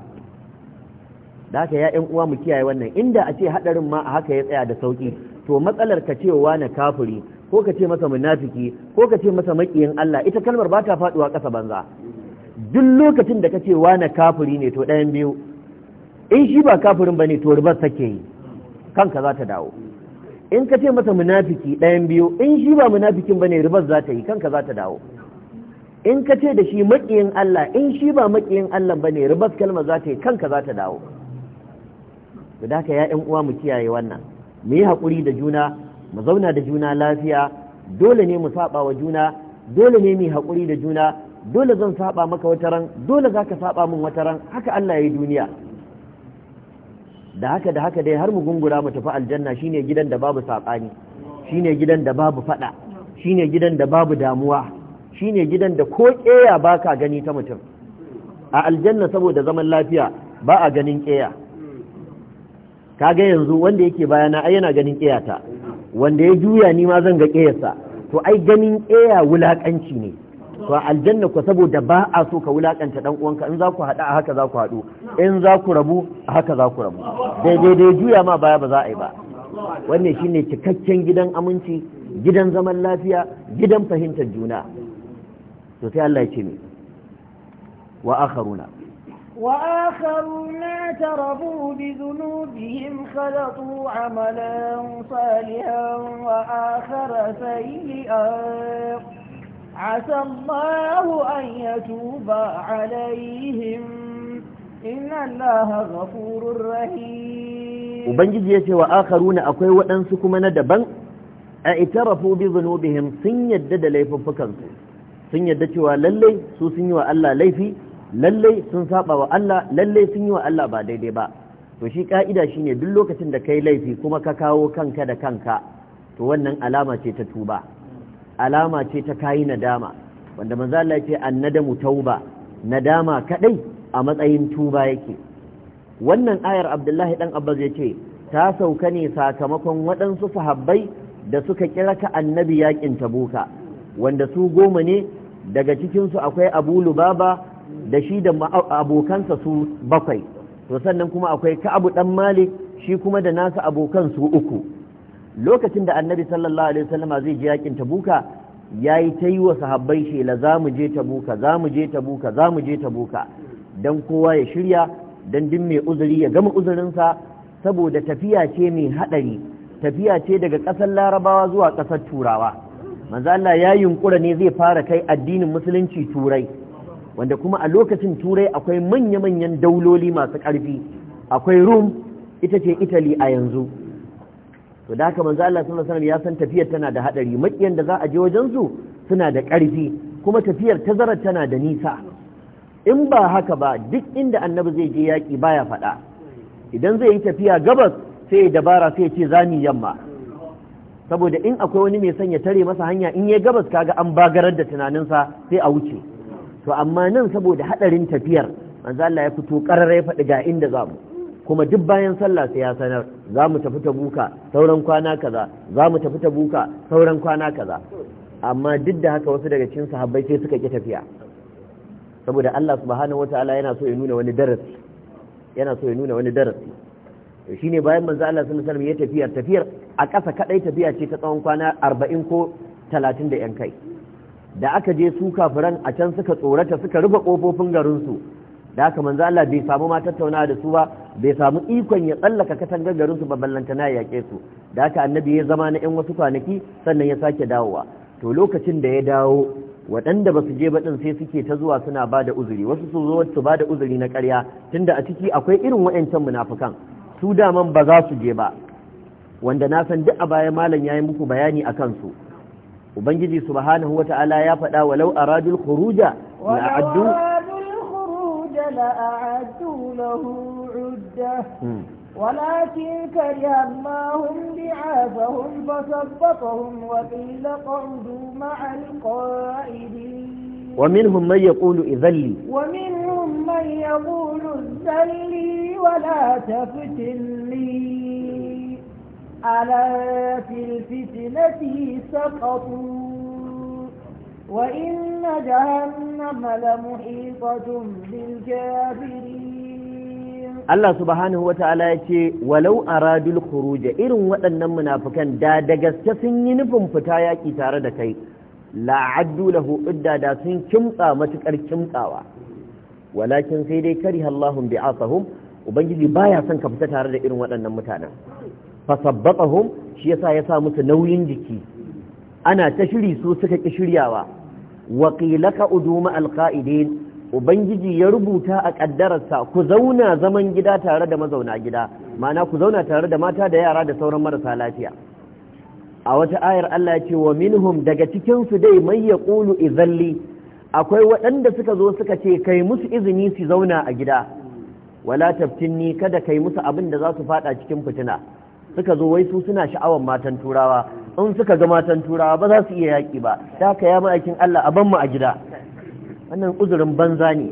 da haka ya uwa mu kiyaye wannan inda a ce hadarin ma a haka ya tsaya da sauki to matsalar ka cewa na kafiri ko ka ce masa munafiki ko ka ce masa makiyin Allah ita kalmar ba ta faduwa ƙasa banza duk lokacin da ka ce wa na kafiri ne to ɗayan biyu in shi ba kafirin ba ne to ribar take yi kanka za ta dawo in ka ce masa munafiki ɗayan biyu in shi ba munafikin ba ne ribar za ta yi kanka za ta dawo in ka ce da shi maƙiyin Allah in shi ba maƙiyin Allah ba ne ribas kalma za ta yi kanka za ta dawo da ka ya uwa mu kiyaye wannan mu yi haƙuri da juna mu zauna da juna lafiya dole ne mu saɓa wa juna dole ne mu yi haƙuri da juna dole zan saɓa maka wata ran dole za ka saɓa min wata ran haka Allah ya yi duniya da haka da haka dai har mu gungura mu tafi aljanna shine gidan da babu saɓani shine gidan da babu faɗa shine gidan da babu damuwa shine gidan da ko keya ka gani ta mutum a aljanna saboda zaman lafiya ba a ganin keya ga yanzu wanda yake bayana ai yana ganin ƙeyata. wanda ya juya ni ma zan ga keyarsa to ai ganin keya wulakanci ne to aljanna ku saboda ba a so ka wulakanta dan uwanka in za ku hada a haka za ku hadu in za ku rabu a haka za ku rabu daidai da juya ma baya ba za a yi ba wannan shine cikakken gidan aminci gidan zaman lafiya gidan fahimtar juna to sai Allah ya ce mai wa akharuna wa akharuna tarabu bi dhunubihim khalatu amalan salihan wa akhara sayyi'an عسى الله أن يتوب عليهم إن الله غفور رحيم وبنجد يتي وآخرون أكوي وأنسكم ندبا أعترفوا بذنوبهم سن يدد ليفو فكانتو sun yadda cewa lallai su sun yi wa Allah laifi lallai sun saba wa Allah lallai sun yi wa Allah ba daidai ba to shi ka'ida shine duk lokacin da kai laifi kuma ka kawo kanka da kanka to wannan alama ce ta tuba alama ce ta kayi nadama wanda manzo Allah ya ce annadamu tauba nadama kadai a matsayin tuba yake wannan ayar Abdullahi dan Abbas ya ce ta sauka ne sakamakon waɗansu sahabbai da suka kira ka annabi yakin tabuka wanda su goma ne daga cikinsu akwai abu lubaba da shi da abokansa su bakwai to sannan kuma akwai ka'abu ɗan malik shi kuma da nasa abokan su uku lokacin da annabi sallallahu alaihi wasallama zai je yakin tabuka yayi ta yi wa sahabbai shela za mu je tabuka za je tabuka za je tabuka dan kowa ya shirya dan din mai uzuri ya gama uzurinsa saboda tafiya ce mai hadari tafiya ce daga ƙasar larabawa zuwa ƙasar turawa manzo Allah ya yunkura ne zai fara kai addinin musulunci turai wanda kuma a lokacin turai akwai manya-manyan dauloli masu ƙarfi akwai rum ita ce italy a yanzu to da haka manzo Allah sallallahu alaihi ya san tafiyar tana da haɗari, makiyan da za a je wajen su suna da ƙarfi kuma tafiyar tazarar tana da nisa in ba haka ba duk inda annabi zai je yaƙi baya faɗa idan zai yi tafiya gabas sai dabara sai ya ce zani yamma saboda in akwai wani mai sanya tare masa hanya in ya gabas kaga an bagarar da tunaninsa sai a wuce to amma nan saboda hadarin tafiyar manzo Allah ya fito karare ya faɗi ga inda za mu kuma duk bayan sallah sai ya sanar za mu tafi ta buka sauran kwana kaza za mu tafi ta buka sauran kwana kaza amma duk da haka wasu daga cikin sahabbai sai suka ki tafiya saboda Allah subhanahu wataala yana so ya nuna wani darasi yana so ya nuna wani darasi shi shine bayan manzo Allah sun alaihi ya tafiya tafiyar a ƙasa kadai tafiya ce ta tsawon kwana arba'in ko talatin da yan kai da aka je su kafiran a can suka tsorata suka rufe kofofin garinsu su da aka manzo Allah bai samu ma tattaunawa da su ba bai samu ikon ya tsallaka katangar garin su ba ballantana ya yaƙe su da aka annabi ya zama na yan wasu kwanaki sannan ya sake dawowa to lokacin da ya dawo waɗanda ba su je baɗin sai suke ta zuwa suna ba da uzuri wasu su zo su ba da uzuri na ƙarya tunda a ciki akwai irin wa'ancan munafukan su daman ba za su je ba wanda na san duk a baya malam yayi muku bayani akan su ubangiji subhanahu wata'ala ya faɗa walau aradul khuruja la addu ولكن كره الله بعاثهم فثبطهم وقيل قعدوا مع القائدين ومنهم من يقول إذا لي ومنهم من يقول ازدلي ولا تفتني ألا في الفتنة سقطوا وإن جهنم لمحيطة بالكافرين الله سبحانه وتعالى يقول ولو أراد الخروج إرن وأن منافقا دا دقس سنين فمفتايا كتار دكي la له إدادا udda كمتا ما تكر matukar kimtsawa walakin sai dai kariha Allahum bi'asahum ubangiji baya son ka fita tare da irin waɗannan mutanen fasabbatahum shi yasa ya sa musu nauyin jiki ana ta shiri su suka ki shiryawa wa qilaka uduma alqa'idin ubangiji ya rubuta a kaddararsa ku zauna zaman gida tare da mazauna gida ma'ana ku zauna tare da mata da yara da sauran marasa lafiya a wata ayar Allah ya ce wa minhum daga cikin su dai man yaqulu idhalli akwai waɗanda suka zo suka ce kai musu izini su zauna a gida wala taftinni kada kai musu abin da za su fada cikin fitina suka zo wai su suna sha'awar matan turawa in suka ga matan turawa ba za su iya yaƙi ba ta ka ya ma'aikin Allah a ban mu a gida wannan uzurin banza ne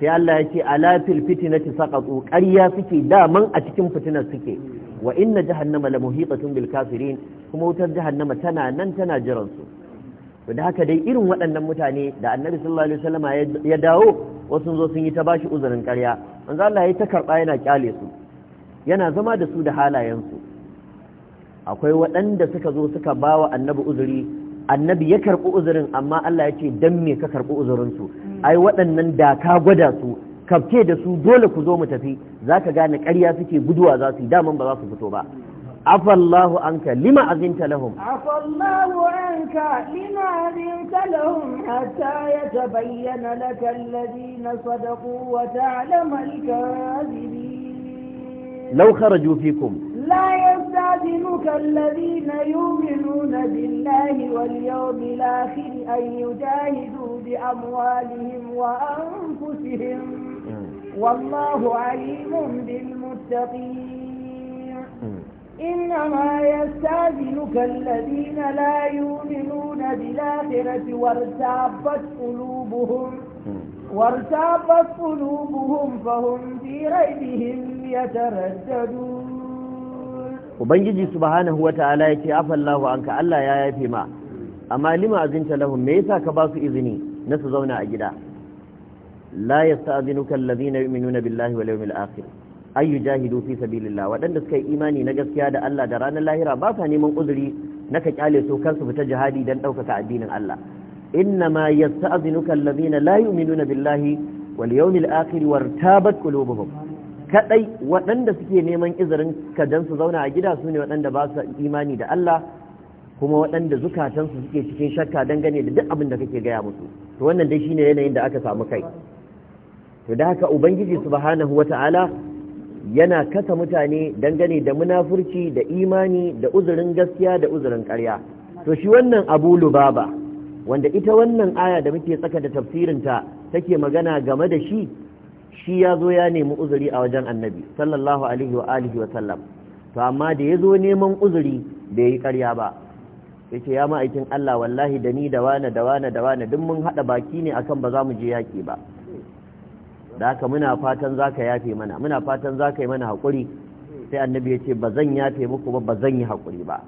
sai Allah ya ce ala fil fitnati saqatu ƙarya suke daman a cikin fitinar suke wa inna jahannama la muhitatun bil kafirin kuma wutar jahannama tana nan tana jiran su to da haka dai irin waɗannan mutane da annabi sallallahu alaihi wasallama ya dawo wasu zo sun yi ta bashi uzurin ƙarya manzo Allah ya ta karɓa yana kyale su yana zama da su da halayen su akwai waɗanda suka zo suka bawa annabi uzuri annabi ya karɓi uzurin amma Allah ya ce dan me ka karɓi uzurin su hmm. ai waɗannan da ka gwada su kafke da su dole ku zo mu tafi zaka gane ƙarya suke guduwa za su yi daman ba za su fito ba عفى الله عنك لما أذنت لهم عفى الله عنك لما أذنت لهم حتى يتبين لك الذين صدقوا وتعلم الكاذبين لو خرجوا فيكم لا يستاذنك الذين يؤمنون بالله واليوم الآخر أن يجاهدوا بأموالهم وأنفسهم والله عليم بالمتقين إنما يستاذنك الذين لا يؤمنون بالآخرة وارتابت قلوبهم وارتابت قلوبهم فهم في ريبهم يترددون Ubangiji subhanahu wa ta'ala ya ce, Afallahu an ka Allah ya yafe ma, amma lima azinta lahum me yasa ka ba su izini na su zauna a gida, la yasta azinukan lazina yi minuna billahi wa laumil akhir. Ayyu jahidu fi sabilillah waɗanda suka yi imani na gaskiya da Allah da ranar lahira ba sa neman uzuri na ka kyale su kansu fita jihadi dan ɗaukaka addinin Allah inna ma yasta'zinuka allazina la yu'minuna billahi wal yawmil akhir wartabat qulubuhum kadai waɗanda suke neman izirin ka dan su zauna a gida su ne waɗanda ba su imani da Allah kuma waɗanda zukatansu suke cikin shakka dangane da duk abin da kake gaya musu to wannan dai shine yanayin da aka samu kai to da haka ubangiji subhanahu wata'ala yana kasa mutane dangane da munafurci da imani da uzurin gaskiya da uzurin karya. to shi wannan abu lubaba wanda ita wannan aya da muke tsaka da tafsirinta take magana game da shi shi ya zo ya nemi uzuri a wajen annabi sallallahu alaihi wa alihi wa sallam to amma da ya zo neman uzuri bai yi karya ba ya ce ya ma'aikin Allah wallahi da ni da wane da da duk mun haɗa baki ne akan ba za mu je yaƙi ba da haka muna fatan ka yafe mana muna fatan zaka yi mana hakuri sai annabi ya ce ba zan yafe muku ba ba zan yi haƙuri ba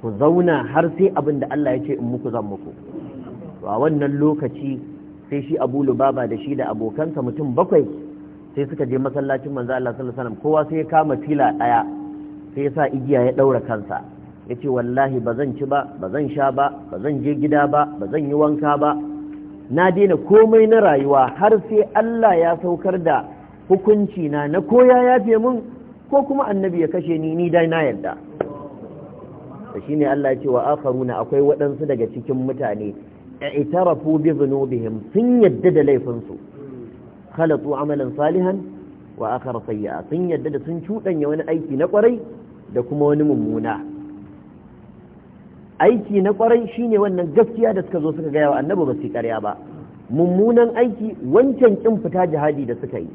ku zauna har sai abin da Allah ya ce in muku zan muku to a wannan lokaci sai shi Abu Lubaba da shi da abokansa mutum bakwai sai suka je masallacin manzo Allah sallallahu alaihi kowa sai ya kama fila daya sai ya sa igiya ya daura kansa ya ce wallahi ba zan ci ba ba zan sha ba ba zan je gida ba ba zan yi wanka ba na daina komai na rayuwa har sai Allah ya saukar da hukunci na na koya ya yafe mun ko kuma annabi ya kashe ni ni dai na yarda shine Allah ya ce wa akharuna akwai waɗansu daga cikin mutane i'tarafu bi dhunubihim sun yadda da laifinsu khalatu amalan salihan wa akhar sayyi'a sun yadda da sun cudanya wani aiki na kwarai da kuma wani mummuna aiki na kwarai shine wannan gaskiya da suka zo suka gaya wa annabi ba su karya ba mummunan aiki wancan kin fita jihadi da suka yi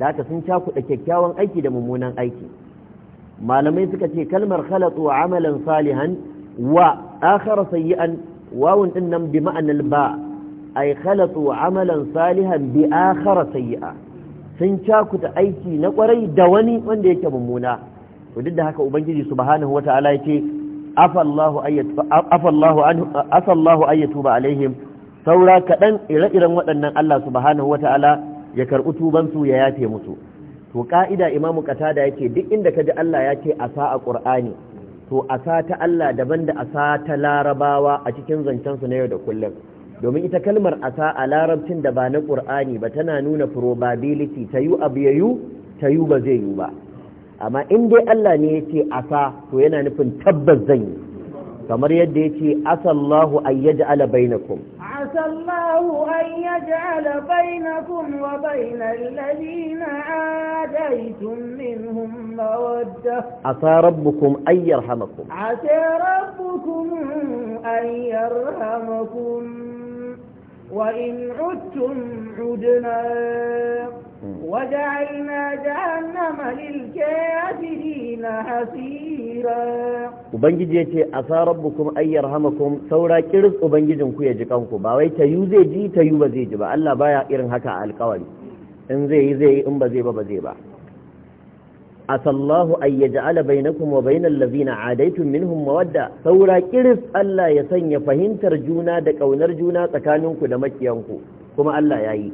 da haka sun cakuɗa kyakkyawan aiki da mummunan aiki malamai suka ce kalmar khalatu amalan salihan wa akhar sayyi'an wawun din nan bi ma'anal ba ay khalatu amalan salihan bi akhar sayyi'a sun cakuta aiki na kwarai da wani wanda yake mummuna to duk da haka ubangiji subhanahu wataala yake Asallahu ayyatu ba alaihim saura kaɗan ire-iren waɗannan Allah subhanahu wata'ala ta'ala ya karɓi tubansu ya yafe musu to ƙa'ida imamu qatada yake duk inda ka ji Allah ya ce asa a ƙur'ani to asa ta Allah daban da asa ta larabawa a cikin su na yau da kullum domin ita kalmar asa a larabcin da ba na ƙur'ani ba tana nuna probability ta yu abu ya yu ta yu ba zai yu ba amma in dai Allah ne ya ce asa to yana nufin tabbas zan yi kamar yadda ya ce asallahu an yaj'ala bainakum asallahu an yaj'ala bainakum wa bainal ladina min minhum mawadda asa rabbukum an yarhamakum asa rabbukum an yarhamakum وإن عدتم عدنا وجعلنا جهنم للكافرين حسيرا ubangiji yace asa rabbukum ay yarhamakum saura kiris ubangijin ku ya ji kanku ba wai tayu zai ji tayu ba zai ji ba Allah baya irin haka alƙawari in zai yi zai yi in ba zai ba ba zai ba asallahu ay yaj'ala bainakum wa bainal ladzina adaitum minhum mawadda saura kiris Allah ya sanya fahimtar juna da ƙaunar juna tsakaninku da makiyanku kuma Allah yayi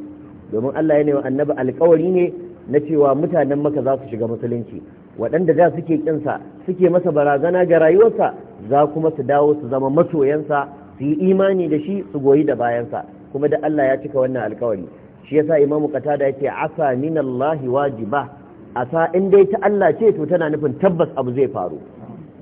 domin Allah ya ne wa annabi alƙawari ne na cewa mutanen maka za su shiga musulunci waɗanda da suke kinsa suke masa barazana ga rayuwarsa za kuma su dawo su zama masoyansa su yi imani da shi su goyi da bayansa kuma da Allah ya cika wannan alƙawari shi yasa imamu qatada yace asa minallahi wajiba A asa in dai ta Allah ce to tana nufin tabbas abu zai faru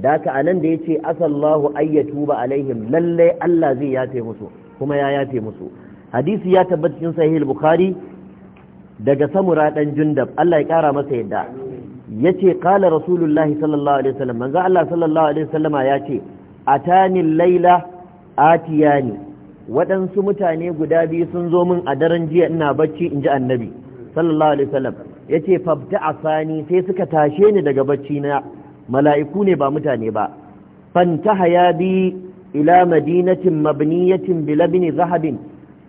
da ka anan da yace asallahu ayyatu ba alaihim lalle Allah zai yafe musu kuma ya yafe musu hadisi ya tabbata cikin sahih bukhari daga samura dan jundab Allah ya kara masa yadda yace qala rasulullahi sallallahu alaihi wasallam manzo Allah sallallahu alaihi wasallama yace atani Layla atiyani waɗansu mutane guda biyu sun zo min a daren jiya ina bacci in ji annabi sallallahu alaihi wasallam ya ce fabta a sani sai suka tashe ni daga bacci na mala'iku ne ba mutane ba fantaha ya bi ila madinatin mabniyatin bilabini zahabin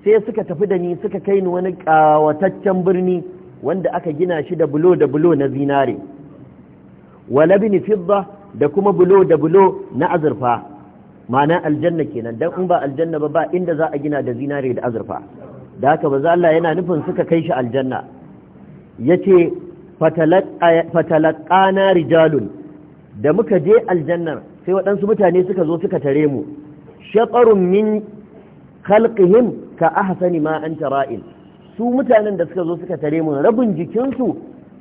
sai suka tafi da ni suka kai ni wani kawataccen birni wanda aka gina shi da bulo da bulo na zinare walabini fidda da kuma bulo da bulo na azurfa ma'ana aljanna kenan don in ba aljanna ba ba inda za a gina da zinare da azurfa da haka ba za Allah yana nufin suka kai shi aljanna yace fatalaqana rijalun da muka je aljannar sai waɗansu mutane suka zo suka tare mu shaqarun min khalqihim ka ahsani ma anta ra'il su mutanen da suka zo suka tare mu rabin jikinsu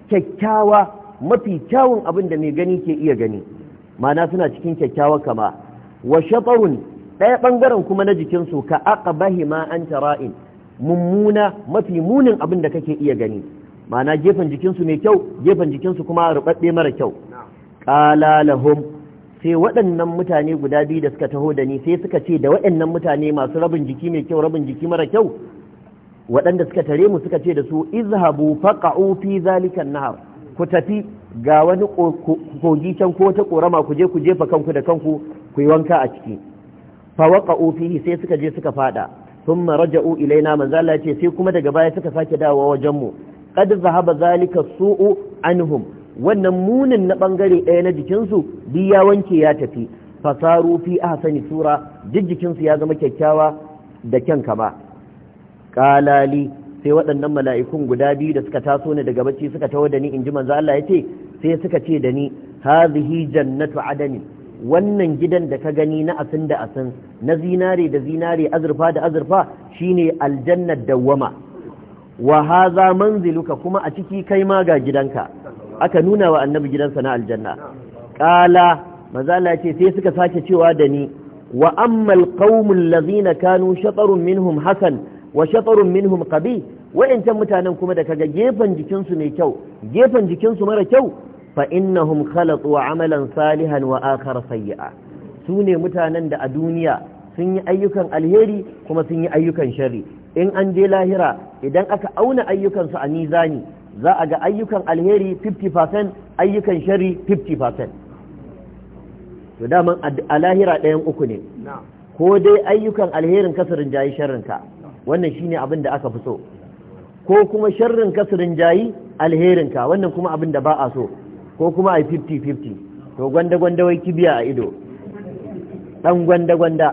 kyakkyawa mafi kyawun abin da mai gani ke iya gani mana suna cikin kyakkyawa kama wa shatarun ɗaya ɓangaren kuma na jikinsu ka aqbahi anta ra'in mummuna mafi munin abin da kake iya gani ma'ana gefen jikinsu mai kyau gefen jikinsu kuma rubabbe mara kyau qala lahum sai waɗannan mutane guda biyu da suka taho da ni sai suka ce da waɗannan mutane masu rabin jiki mai kyau rabin jiki mara kyau waɗanda suka tare mu suka ce da su izhabu faqa'u fi zalikan nahar ku tafi ga wani kogi can ko ta korama ku je ku jefa kanku da kanku ku yi wanka a ciki fa waqa'u fihi sai suka je suka fada thumma raja'u ilaina manzala ce sai kuma daga baya suka sake dawowa wajen mu qad zahaba zalika su'u anhum wannan munin na bangare ɗaya na jikinsu duk ya wanke ya tafi fasaru fi ahsani sura duk jikinsu ya zama kyakkyawa da kyan kama qalali sai waɗannan mala'ikun guda biyu da suka taso ni daga bacci suka tawo da ni inji manzo Allah yace sai suka ce da ni hazihi jannatu adani wannan gidan da ka gani na asin da asin na zinare da zinare azurfa da azurfa shine aljannar dawwama wa haza manziluka kuma a ciki kai ma ga gidanka aka nuna wa annabi gidansa na aljanna qala mazala ce sai suka sake cewa da ni wa ammal qaumul Lazina kanu shatarun minhum hasan wa shatarun minhum qabi tan mutanen kuma da kaga gefen jikinsu mai kyau gefen jikinsu mara kyau fa innahum khalatu amalan salihan wa akhar sayyi'a su ne mutanen da a duniya sun yi ayyukan alheri kuma sun yi ayyukan sharri in an je lahira idan aka auna ayyukansu a mizani za a ga ayyukan alheri 50% ayyukan shari 50% to daman a lahira ɗayan uku ne ko dai ayyukan alherin kasirin jayi sharrinka wannan shine abin da aka fi so ko kuma sharrin kasirin jayi alherinka wannan kuma abin da ba a so ko kuma a yi 50-50 to gwanda-gwanda wai kibiya a ido ɗan gwanda-gwanda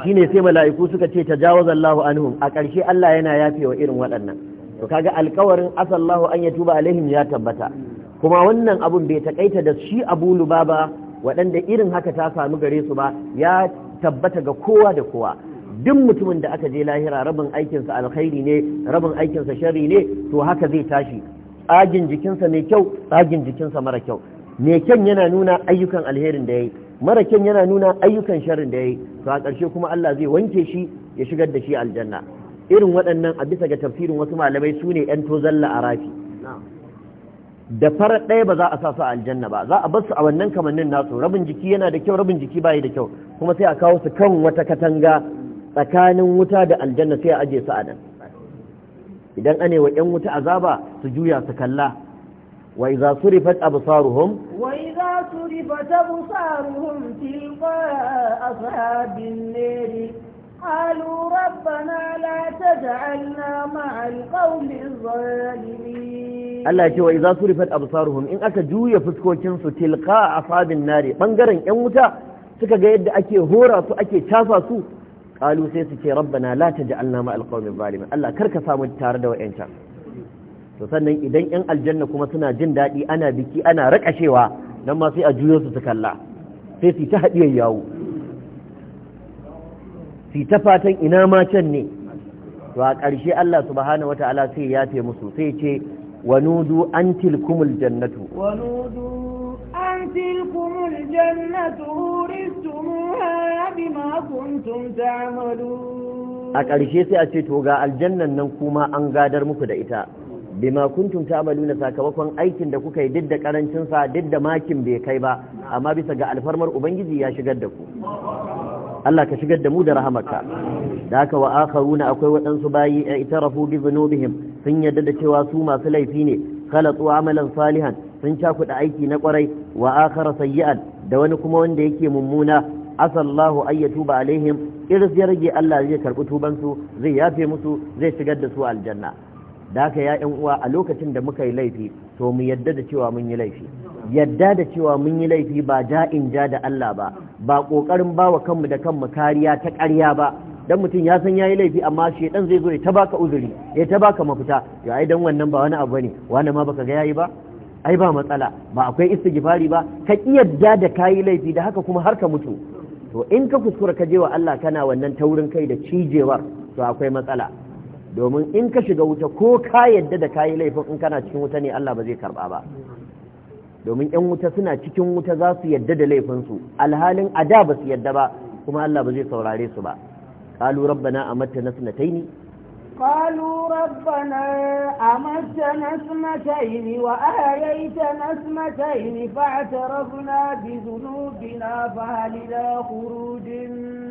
to ne sai mala'iku suka ce ta zallahu anhum a ƙarshe Allah yana yafe wa irin waɗannan to kaga alƙawarin asallahu an tuba alaihim ya tabbata kuma wannan abun bai takaita da shi Abu Lubaba waɗanda irin haka ta samu gare su ba ya tabbata ga kowa da kowa duk mutumin da aka je lahira rabin aikinsa alkhairi ne rabin aikinsa shari ne to haka zai tashi tsagin jikinsa mai kyau tsagin jikinsa mara kyau mai kyan yana nuna ayyukan alherin da ya yi mara kyan yana nuna ayyukan sharrin da ya yi, to a ƙarshe kuma Allah zai wanke shi ya shigar da shi aljanna irin waɗannan a bisa ga tafsirin wasu malamai su ne 'yan tozalla a rafi da farar ɗaya ba za a sa su aljanna ba za a bar su a wannan kamannin nasu rabin jiki yana da kyau rabin jiki baya da kyau kuma sai a kawo su kan wata katanga tsakanin wuta da aljanna sai a aje su a nan idan anewa wa 'yan wuta azaba su juya su kalla وإذا صرفت أبصارهم وإذا صرفت أبصارهم تلقاء أصحاب النار قالوا ربنا لا تجعلنا مع القوم الظالمين Allah ya ce wa iza surifat absaruhum in aka juya fuskokin su tilqa asabin bangaren yan wuta suka ga yadda ake hora su ake cafasu. su qalu sai su ce rabbana la taj'alna ma alqawmi zalimin Allah ka samu tare da wayancan to sannan idan yan aljanna kuma suna jin daɗi ana biki ana rakashewa nan ma sai a juyo su su kalla sai su ta haɗiyar yawo su ta fatan ina ma can ne to a ƙarshe Allah subhanahu wata'ala sai ya fe musu sai ce wa nudu an tilkumul jannatu wa nudu an tilkumul jannatu uristumuha bima kuntum ta'malu a ƙarshe sai a ce to ga aljannan nan kuma an gadar muku da ita bima kuntum ta'maluna sakamakon aikin da kuka yi duk da karancin sa duk da makin bai kai ba amma bisa ga alfarmar ubangiji ya shigar da ku Allah ka shigar da mu da rahamarka da haka wa akharuna akwai waɗansu bayi a itarafu bi zunubihim sun yadda da cewa su masu laifi ne khalatu amalan salihan sun cakuɗa aiki na kwarai wa akhara sayyi'an da wani kuma wanda yake mummuna asallahu ayyatu ba alaihim iris ya rage Allah zai karɓi tubansu zai yafe musu zai shigar da su aljanna da aka ya yan uwa a lokacin da muka yi laifi to mu yadda da cewa mun yi laifi yadda da cewa mun yi laifi ba in ja da Allah ba ba kokarin bawa kanmu da kanmu kariya ta ƙarya ba dan mutum ya san yayi laifi amma shedan zai zo ya ta baka uzuri ya ta baka mafita ya ai dan wannan ba wani abu bane wani ma baka ga yayi ba ai ba matsala ba akwai istighfari ba ka yadda da kayi laifi da haka kuma har ka mutu to in ka kuskura ka je wa Allah kana wannan taurin kai da cijewar to akwai matsala domin in ka shiga wuta ko ka yadda da kayi laifin in kana cikin wuta ne Allah ba zai karba ba domin yan wuta suna cikin wuta za su yadda da laifinsu alhalin a da ba su yadda ba kuma Allah ba zai saurare su ba ƙalu rabbana ta sanataini قالوا ربنا أمتنا ta وأهيتنا اثنتين فاعترفنا بذنوبنا fa إلى خروج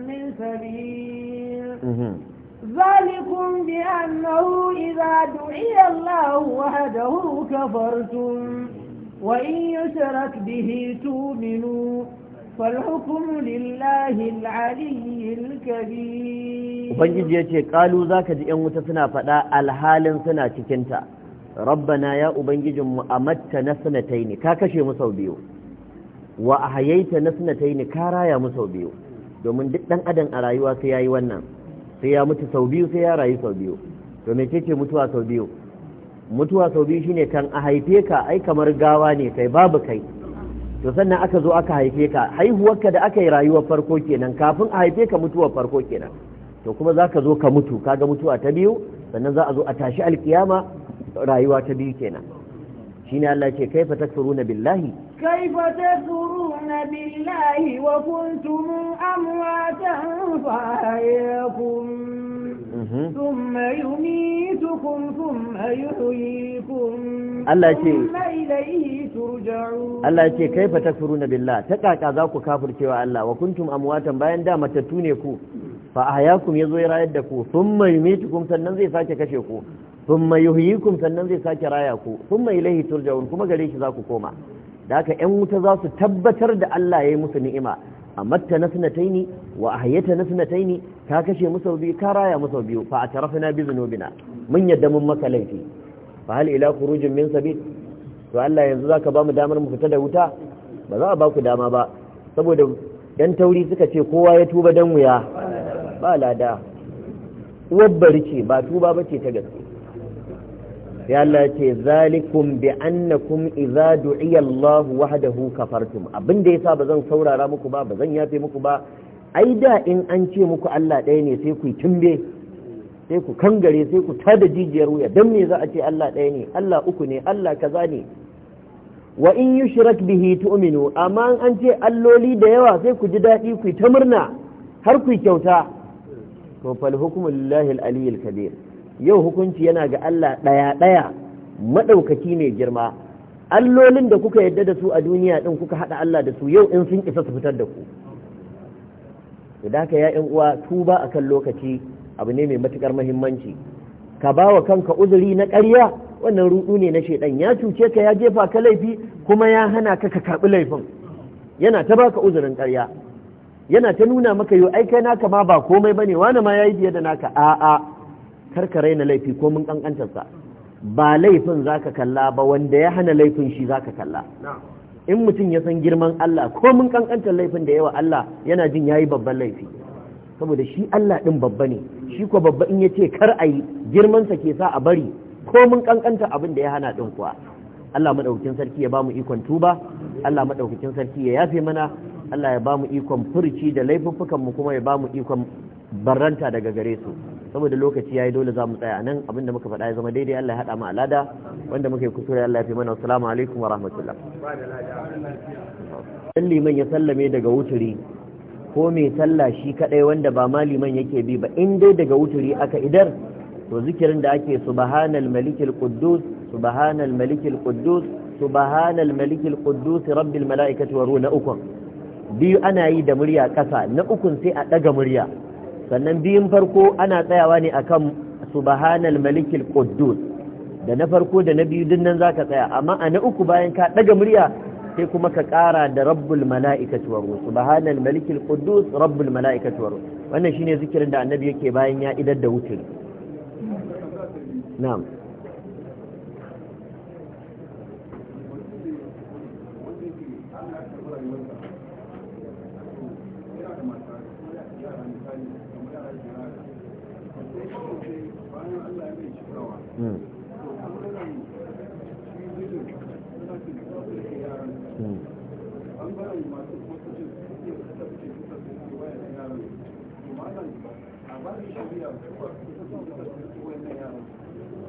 min سبيل ذلكم بأنه إذا دعي الله وحده كفرتم وإن يشرك به تؤمنوا فالحكم لله العلي الكبير وبنجي يتي قالوا ذاك دي متسنا فدا الحالن سنا cikinta ربنا يا ubangijin mu amatta na ka kashe mu sau biyu wa ahayaita biyu domin duk dan adam a rayuwa sai yayi wannan sai ya mutu sau biyu sai ya rayu sau biyu to me ce mutuwa sau biyu mutuwa sau biyu shine kan a haife ka ai kamar gawa ne kai babu kai to sannan aka zo aka haife ka haihuwarka da aka yi rayuwar farko kenan kafin a haife ka mutuwar farko kenan to kuma za ka zo ka mutu kaga mutuwa ta biyu sannan za a zo a tashi alkiyama rayuwa ta biyu kenan shine Allah ce kaifa takfuruna billahi كيف تكفرون بالله وكنتم أمواتا فأحياكم ثم يميتكم ثم يحييكم Allah ce Allah ce kaifa takfuruna billah ta kaka za ku kafircewa Allah wa kuntum amwatan bayan da matattu ne ku fa ahyakum yazo ya rayar da ku thumma yumitukum sannan zai sake kashe ku thumma yuhyikum sannan zai sake raya ku thumma ilayhi turja'un kuma gare shi za ku koma da haka ‘yan wuta za su tabbatar da Allah ya yi musu ni'ima a matta na sunataini wa a hayyata na sunataini ka kashe musu biyu ka raya musu biyu fa a na bi zunubina mun yadda mun maka laifi fa hal ila rujin min sabi to Allah yanzu zaka ba mu damar mu fita da wuta ba za a ba ku dama ba saboda ‘yan tauri suka ce kowa ya tuba dan wuya ba lada uwar bari ce ba tuba ba ce ta gaske sai Allah ce zalikum bi annakum idza du'iya Allah wahdahu kafartum abin da yasa bazan saurara muku ba bazan yafe muku ba ai da in an ce muku Allah ɗaya ne sai ku tumbe sai ku kangare sai ku tada jijiyar wuya dan me za a ce Allah ɗaya ne Allah uku ne Allah kaza ne wa in yushrak bihi tu'minu amma an ce alloli da yawa sai ku ji daɗi ku ta murna har ku kyauta to fal hukmu lillahi al-aliyyil kabir yau hukunci yana ga Allah ɗaya ɗaya maɗaukaki mai girma allolin da kuka yadda da su a duniya ɗin kuka haɗa Allah da su yau in sun isa su fitar da ku idan ka ya'yan uwa tuba a kan lokaci abu ne mai matuƙar mahimmanci ka ba wa kanka uzuri na ƙarya wannan ruɗu ne na shaiɗan ya cuce ka ya jefa ka laifi kuma ya hana ka ka karɓi laifin yana ta baka uzurin ƙarya yana ta nuna maka yau aikai naka ma ba komai bane wani ma yayi fiye da naka a'a karka raina laifi ko mun kankantarsa ba laifin zaka kalla ba wanda ya hana laifin shi zaka kalla in mutum ya san girman Allah ko mun kankantar laifin da yawa Allah yana jin yayi babban laifi saboda shi Allah ɗin babba ne shi ko babba in ya ce kar a yi girmansa ke sa a bari ko mun kankanta abin da ya hana din kuwa Allah madaukakin sarki ya bamu ikon tuba Allah madaukakin sarki ya yafe mana Allah ya bamu ikon furci da laifuffukan mu kuma ya bamu ikon barranta daga gare su saboda lokaci ya yi dole za mu tsaya nan abinda muka faɗa ya zama daidai Allah ya haɗa mu alada wanda muka yi Allah ya fi mana assalamu alaikum wa rahmatullah dan liman ya sallame daga wuturi ko mai sallah shi kadai wanda ba maliman yake bi ba in dai daga wuturi aka idar to zikirin da ake subhanal malikil quddus subhanal malikil quddus subhanal malikil quddus rabbil malaikati wa na ukun biyu ana yi da murya kasa na ukun sai a daga murya sannan biyun farko ana tsayawa ne akan subhanal malikil quddus da na farko da na biyu dinnan zaka tsaya amma a na uku bayan ka daga murya sai kuma ka kara da rabbul mala'ikati wa ruh subhanal malikil quddus rabbul mala'ikati wa ruh wannan shine zikirin da annabi yake bayan ya idar da wuce na'am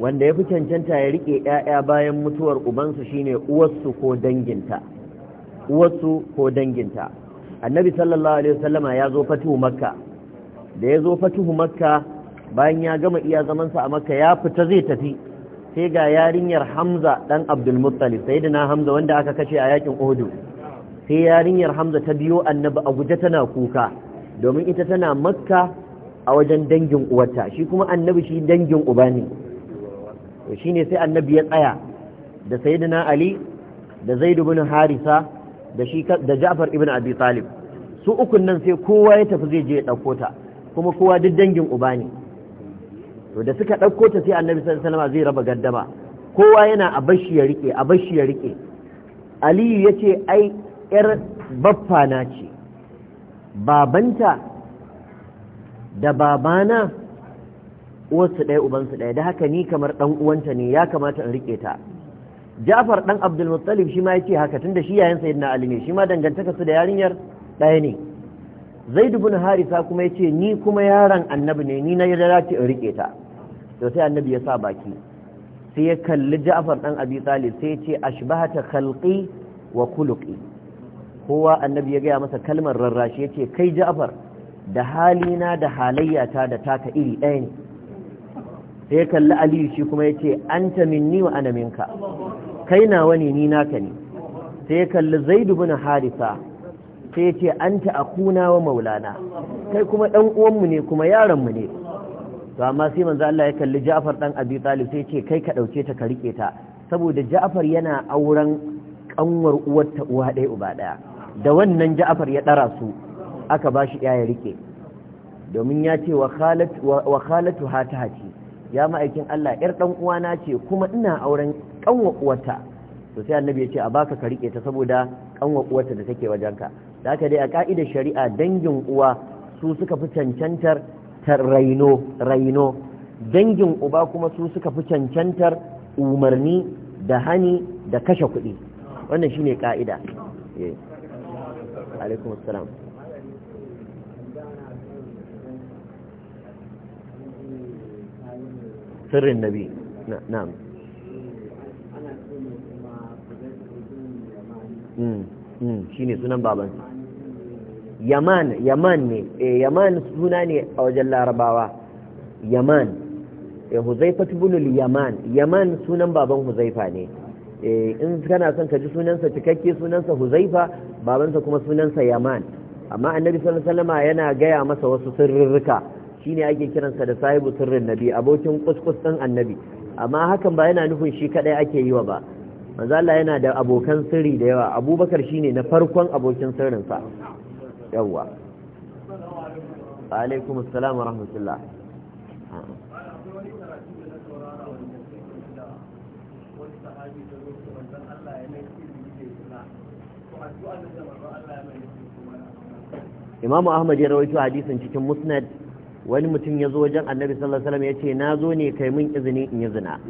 wanda ya fi cancanta ya rike ‘ya'ya bayan mutuwar ubansu shine uwarsu ko danginta uwarsu ko danginta annabi sallallahu alaihi wasallama ya zo fatuhu makka da ya zo fatuhu makka bayan ya gama iya zamansa a Makka ya fita zai tafi sai ga yarinyar hamza ɗan abdulmuttalib sai na hamza wanda aka kashe a yakin odo sai yarinyar hamza ta biyo annabi a guje tana kuka domin ita tana makka a wajen dangin uwarta shi kuma annabi shi dangin uba ne to shine sai annabi ya tsaya da sayyidina ali da zaid ibn harisa da shi da ja'far ibn abi talib su ukun nan sai kowa ya tafi zai je ya dauko ta kuma kowa duk dangin uba ne to da suka ɗauko ta sai annabi sallallahu alaihi wasallam zai raba gaddama kowa yana a bashi ya rike a bashi ya rike aliyu yace ai yar baffa na ce babanta da babana uwarsu ɗaya ubansu ɗaya da haka ni kamar ɗan uwanta ne ya kamata in rike ta jafar ɗan muttalib shi ma ya haka tunda shi yayin sayyidina ali ne shi ma dangantaka su da yarinyar ɗaya ne zaid ibn harisa kuma yace ni kuma yaron annabi ne ni na yarda ta in rike ta to sai annabi ya sa baki sai ya kalli Ja'far dan Abi Talib sai ya ce ashbahata khalqi wa khuluqi kowa annabi ya gaya masa kalmar rarrashi yace kai Ja'far da halina da halayyata da taka iri ɗaya ne sai ya kalli Aliyu shi kuma ya yace anta minni wa ana minka kai na wani ni naka ne sai ya kalli Zaid ibn Haritha sai an anta akuna wa maulana kai kuma dan uwanmu ne kuma yaronmu ne to amma sai manzo Allah ya kalli Ja'far dan Abi Talib sai ce kai ka dauke ta ka rike ta saboda Ja'far yana auren kanwar uwar ta uwa dai uba ɗaya da wannan Ja'far ya dara su aka bashi shi ya rike domin ya ce wa khalat wa khalatu ya ma'aikin Allah yar dan uwana ce kuma ina auren kanwar uwarta to sai annabi ya ce a baka ka rike ta saboda kanwar ta da take wajenka da haka dai a ka'idar shari'a dangin uwa su suka fi cancantar ta raino raino dangin uba kuma su suka fi cancantar umarni da hani da kashe kuɗi wannan shine ka'ida ƙa'ida eh. sirrin nabi na'am hmm, hmm, ne sunan babansa yaman yaman ne eh, yaman suna ne a wajen larabawa yaman eh, huzaifa tubulul yaman yaman sunan baban huzaifa ne e in kana son ka ji sunansa cikakke sunansa huzaifa babansa kuma sunansa yaman amma annabi sallallahu yana gaya masa wasu sirrurruka shine ake kiransa da sahibu sirrin nabi abokin kuskus din annabi amma hakan ba yana nufin shi kaɗai ake yi wa ba manzo Allah yana da abokan sirri da yawa abubakar shine na farkon abokin sirrinsa yawwa alaikum assalam wa rahmatullah imamu ahmad ya rawaito hadisin cikin musnad wani mutum ya zo wajen annabi sallallahu alaihi wasallam ya ce na zo ne kai mun izini in yi zina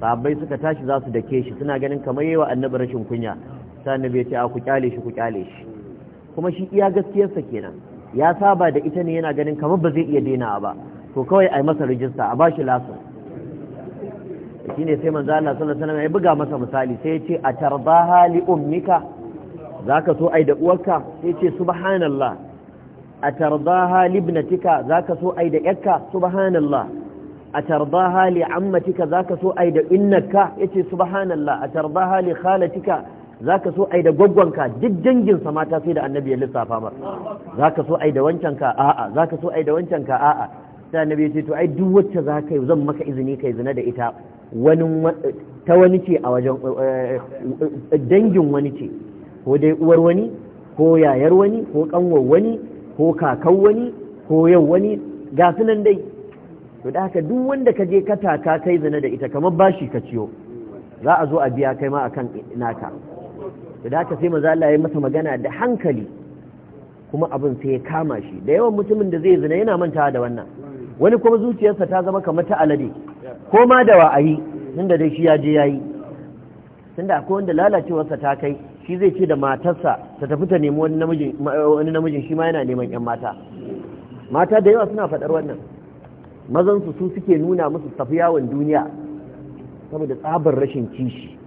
sahabbai suka tashi za su dake shi suna ganin kamar yawa annabi rashin kunya sai annabi ya ce a ku kyale shi ku kyale shi kuma shi iya gaskiyarsa kenan ya saba da ita ne yana ganin kamar ba zai iya daina ba to kawai a yi masa rijista a bashi lasin shi ne sai manzo Allah sallallahu alaihi wasallam ya buga masa misali sai ya ce a tarbaha li ummika zaka so ai da uwarka sai ya ce subhanallah a tarbaha li ibnatika zaka so ai da yarka subhanallah a tarbaha li ammatika zaka so ai da innaka yace subhanallah a tarbaha li khalatika Za ka so ai da gwaggwanka duk dangin sa mata sai da annabi ya lissafa Za ka so ai da wancan ka a'a ka so ai da wancan ka a'a sai annabi ya ce to ai duk wacce ka yi zan maka izini kai zina da ita wani ta wani ce a wajen eh, eh, dangin wani ce ko dai uwar wani ko yayar wani ko kanwar wani ko kakan wani ko yau wani ga sunan dai to da haka duk wanda ka je ka taka kai zina da ita kamar bashi ka ciyo za a zo a biya kai ma akan naka da haka sai maza Allah ya masa magana da hankali kuma abin sai ya kama shi da yawan mutumin da zai zina yana manta da wannan wani kuma zuciyarsa ta zama kamar ta alade ko ma da wa'ayi tunda dai shi ya je yayi tunda akwai wanda lalacewarsa ta kai shi zai ce da matarsa ta tafi ta nemi wani namijin wani namijin shi ma yana neman yan mata mata da yawa suna faɗar wannan mazan su su suke nuna musu tafi yawon duniya saboda tsabar rashin kishi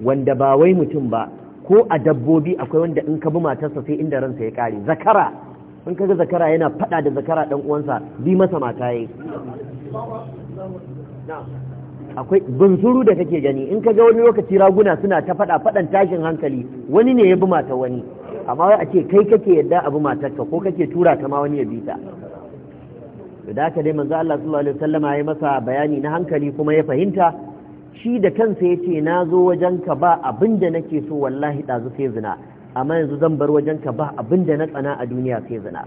wanda ba wai mutum ba ko a dabbobi akwai wanda in ka bi matarsa sai inda ransa ya kare zakara in ka ga zakara yana fada da zakara dan uwansa bi masa mata yayi akwai bunzuru da kake gani in ka ga wani lokaci raguna suna ta fada fadan tashin hankali wani ne ya bi mata wani amma wai a ce kai kake yadda abu matarka ko kake tura ta ma wani ya bi ta da haka dai manzo Allah sallallahu alaihi wasallama ya masa bayani na hankali kuma ya fahimta shi da kansa ya ce na zo wajenka ba abin da nake so wallahi ɗazu sai zina amma yanzu zan bar wajenka ba abin da na tsana a duniya sai zina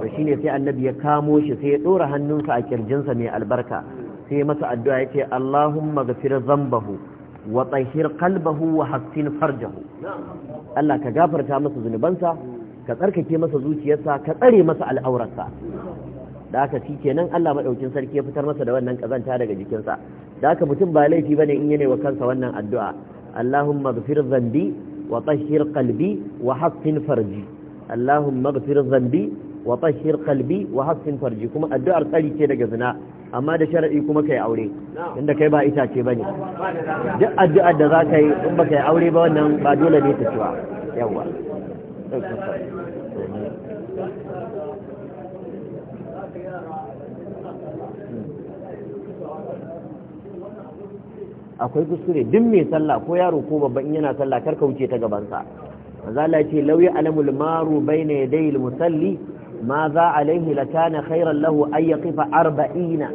to shine sai annabi ya kamo shi sai ya ɗora hannunsa a kirjinsa mai albarka sai masa addu'a ya ce Allahumma gafir zambahu wa tsahir kalbahu wa hassin farjahu Allah ka gafarta masa zunubansa ka tsarkake masa zuciyarsa ka tsare masa al'aurarsa da aka shi kenan Allah maɗaukin sarki ya fitar masa da wannan kazanta daga jikinsa da haka mutum ba laifi bane in yana wa kansa wannan addu'a Allahumma ighfir dhanbi wa tahhir kalbi wa haskin farji Allahumma ighfir wa tahhir kalbi wa haskin farji kuma addu'ar tsari ce daga zina amma da sharaɗi kuma kai aure inda kai ba itace ne duk addu'ar da za ka yi in ba yi aure ba wannan ba dole ne ta ciwa yawa akwai kuskure duk mai sallah ko yaro ko babba in yana sallah kar ka wuce ta gabansa manzo Allah ce law alamul maru bayna yaday musalli ma za alaihi kana khairan lahu ay yaqifa arba'ina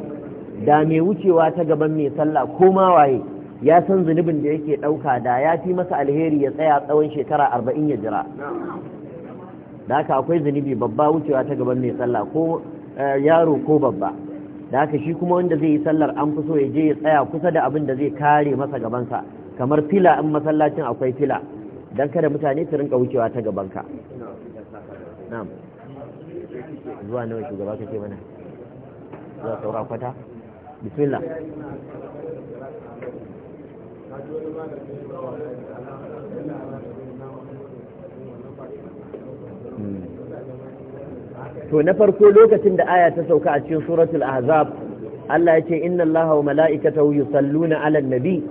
da mai wucewa ta gaban mai sallah ko ma waye ya san zunubin da yake dauka da ya fi masa alheri ya tsaya tsawon shekara 40 ya jira da haka akwai zunubi babba wucewa ta gaban mai sallah ko eh, yaro ko babba da haka shi kuma wanda zai yi sallar an fi so ya je ya tsaya kusa da abin da zai kare masa gabansa kamar fila in masallacin akwai fila don kada mutane su rinka wucewa ta gabanka na'am zuwa nawa shugaba kake mana zuwa saura kwata bismillah Hmm. to na farko lokacin da aya ta sauka a cikin suratul ahzab Allah ya ce inna allaha wa mala'ikatahu yusalluna 'alan nabi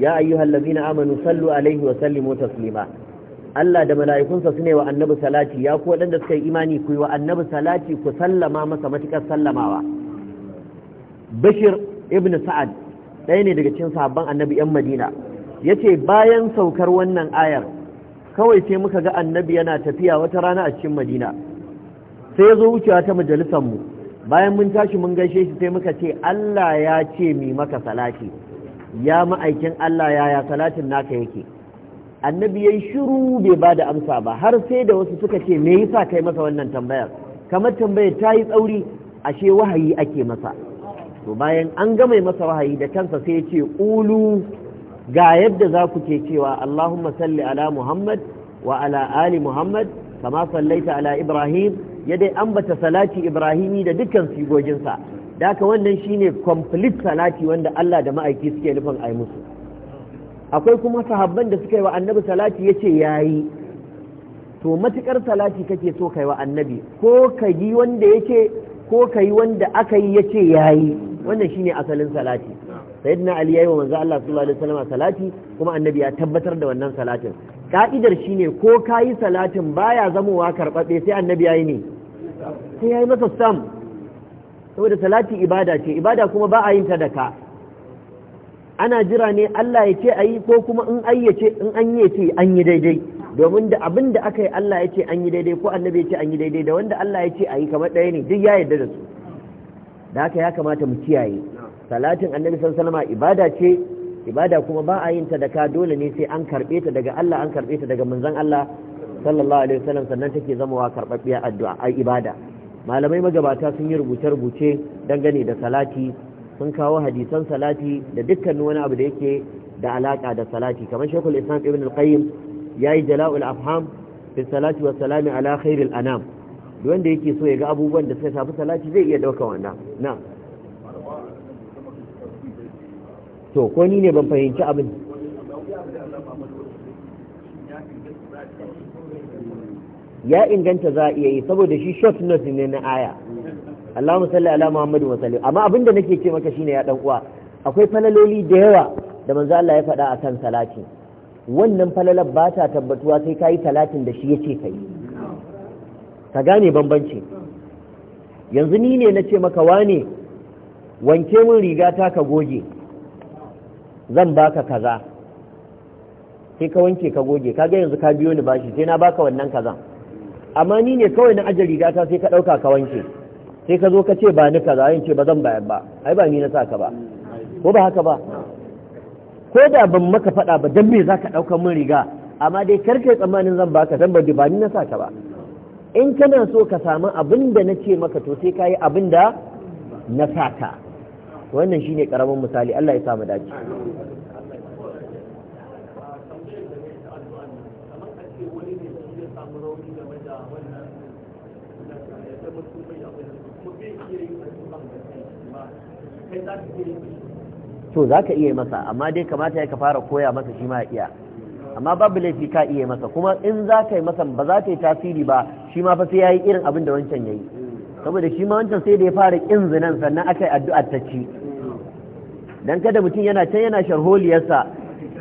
ya ladina amanu sallu alaihi wa sallimu taslima Allah da mala'ikunsa sune wa annabi salati ya ku waɗanda suka yi imani ku yi wa annabi salati ku sallama masa matuƙar sallamawa bashir ibn sa'ad ɗaya ne daga cikin sahabban annabi yan madina ya ce bayan saukar wannan ayar kawai sai muka ga annabi yana tafiya wata rana a cikin madina sai ya zo wucewa ta majalisar mu bayan mun tashi mun gaishe shi sai muka ce Allah ya ce mi maka salati ya ma'aikin Allah ya salatin naka yake annabi yayi shiru bai ba da amsa ba har sai da wasu suka ce me yasa kai masa wannan tambayar kamar tambayar ta yi tsauri ashe wahayi ake masa to bayan an gama masa wahayi da kansa sai ya ce ulu ga yadda za ku ke cewa Allahumma salli ala Muhammad wa ala ali Muhammad kama sallaita ala ibrahim ya dai ambata salati ibrahimi da dukkan sigoginsa da haka wannan shine complete salati wanda Allah da ma'aiki suke nufin a musu akwai kuma sahabban da suka yi wa annabi salati ya yayi to matukar salati kake so kai wa annabi ko ka yi wanda yake ko ka wanda aka yi ya yayi wannan shine asalin salati sayyidina ali yayi wa manzo Allah sallallahu alaihi wasallam salati kuma annabi ya tabbatar da wannan salatin ka'idar shine ko ka yi salatin baya zamowa karɓaɓe sai annabi yi ne sai ya yi masa sam saboda salati ibada ce ibada kuma ba a yin ta da ka ana jira ne Allah ya ce a yi ko kuma in an yace in an yi ce an yi daidai domin da abin da aka yi Allah ya ce an yi daidai ko annabi ya ce an yi daidai da wanda Allah ya ce a yi kamar ɗaya ne duk ya yarda da su da haka ya kamata mu kiyaye salatin annabi sallallahu alaihi wasallam ibada ce ibada kuma ba a yin ta da ka dole ne sai an karɓe ta daga Allah an karɓe ta daga manzon Allah sallallahu alaihi wasallam sannan take zamawa karɓaɓɓiya addu'a ai ibada malamai magabata sun yi rubuce-rubuce dangane da salati sun kawo hadisan salati da dukkanin wani abu da yake da alaka da salati kamar shekul islam ibn al-qayyim yayi jala'ul afham fi salati wa salami ala khairil anam wanda yake so ya ga abubuwan da suka shafi salati zai iya dauka wannan na'am to ko ni ne ban fahimci abin ya inganta za a iya yi saboda shi short note ne na aya Allahumma salli ala Muhammadu wa amma abin da nake ce maka shine ya dan uwa akwai falaloli da yawa da manzo Allah ya faɗa akan salati wannan falalar ba ta tabbatuwa sai kayi talatin da shi yace kai ka gane bambanci yanzu ni ne na maka wane wanke mun riga ta ka goge zan baka kaza sai ka wanke ka goge ka ga yanzu ka biyo ni bashi sai na baka wannan kazan amma ni ne kawai na ajali ta sai ka ɗauka ka wanke sai ka zo ka ce ba ni kaza yin ce ba zan bayar ba ai ba ni na saka ba ko ba haka ba ko da ban maka fada ba dan me zaka ka min riga amma dai kar tsammanin zan baka dan ba ba ni na saka ba in kana so ka samu abin da na ce maka to sai ka yi abin da na saka wannan shine ƙaramin misali Allah ya sa mu dace to za ka iya masa amma dai kamata ya ka fara koya masa shi ma iya amma babu laifi ka iya masa kuma in za ka yi masa ba za ta yi tasiri ba shi ma fa sai ya yi irin abin da wancan ya yi saboda shi ma wancan sai da ya fara ƙin zinan sannan aka yi addu'ar ta ci dan kada mutum yana can yana sharholiyarsa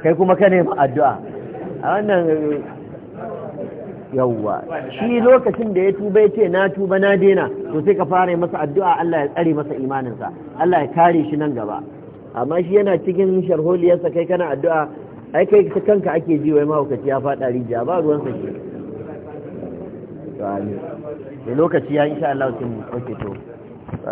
kai kuma ka nemi addu'a a wannan yawwa shi lokacin da ya tuba yace na tuba na dena to sai ka fara masa addu'a Allah ya tsare masa imaninsa Allah ya kare shi nan gaba amma shi yana cikin sharholiyarsa kai kana addu'a ai kai kanka ake ji wai mahaukaci ya faɗa rijiya ba ruwan sa ke to lokaci ya insha Allah sun oke to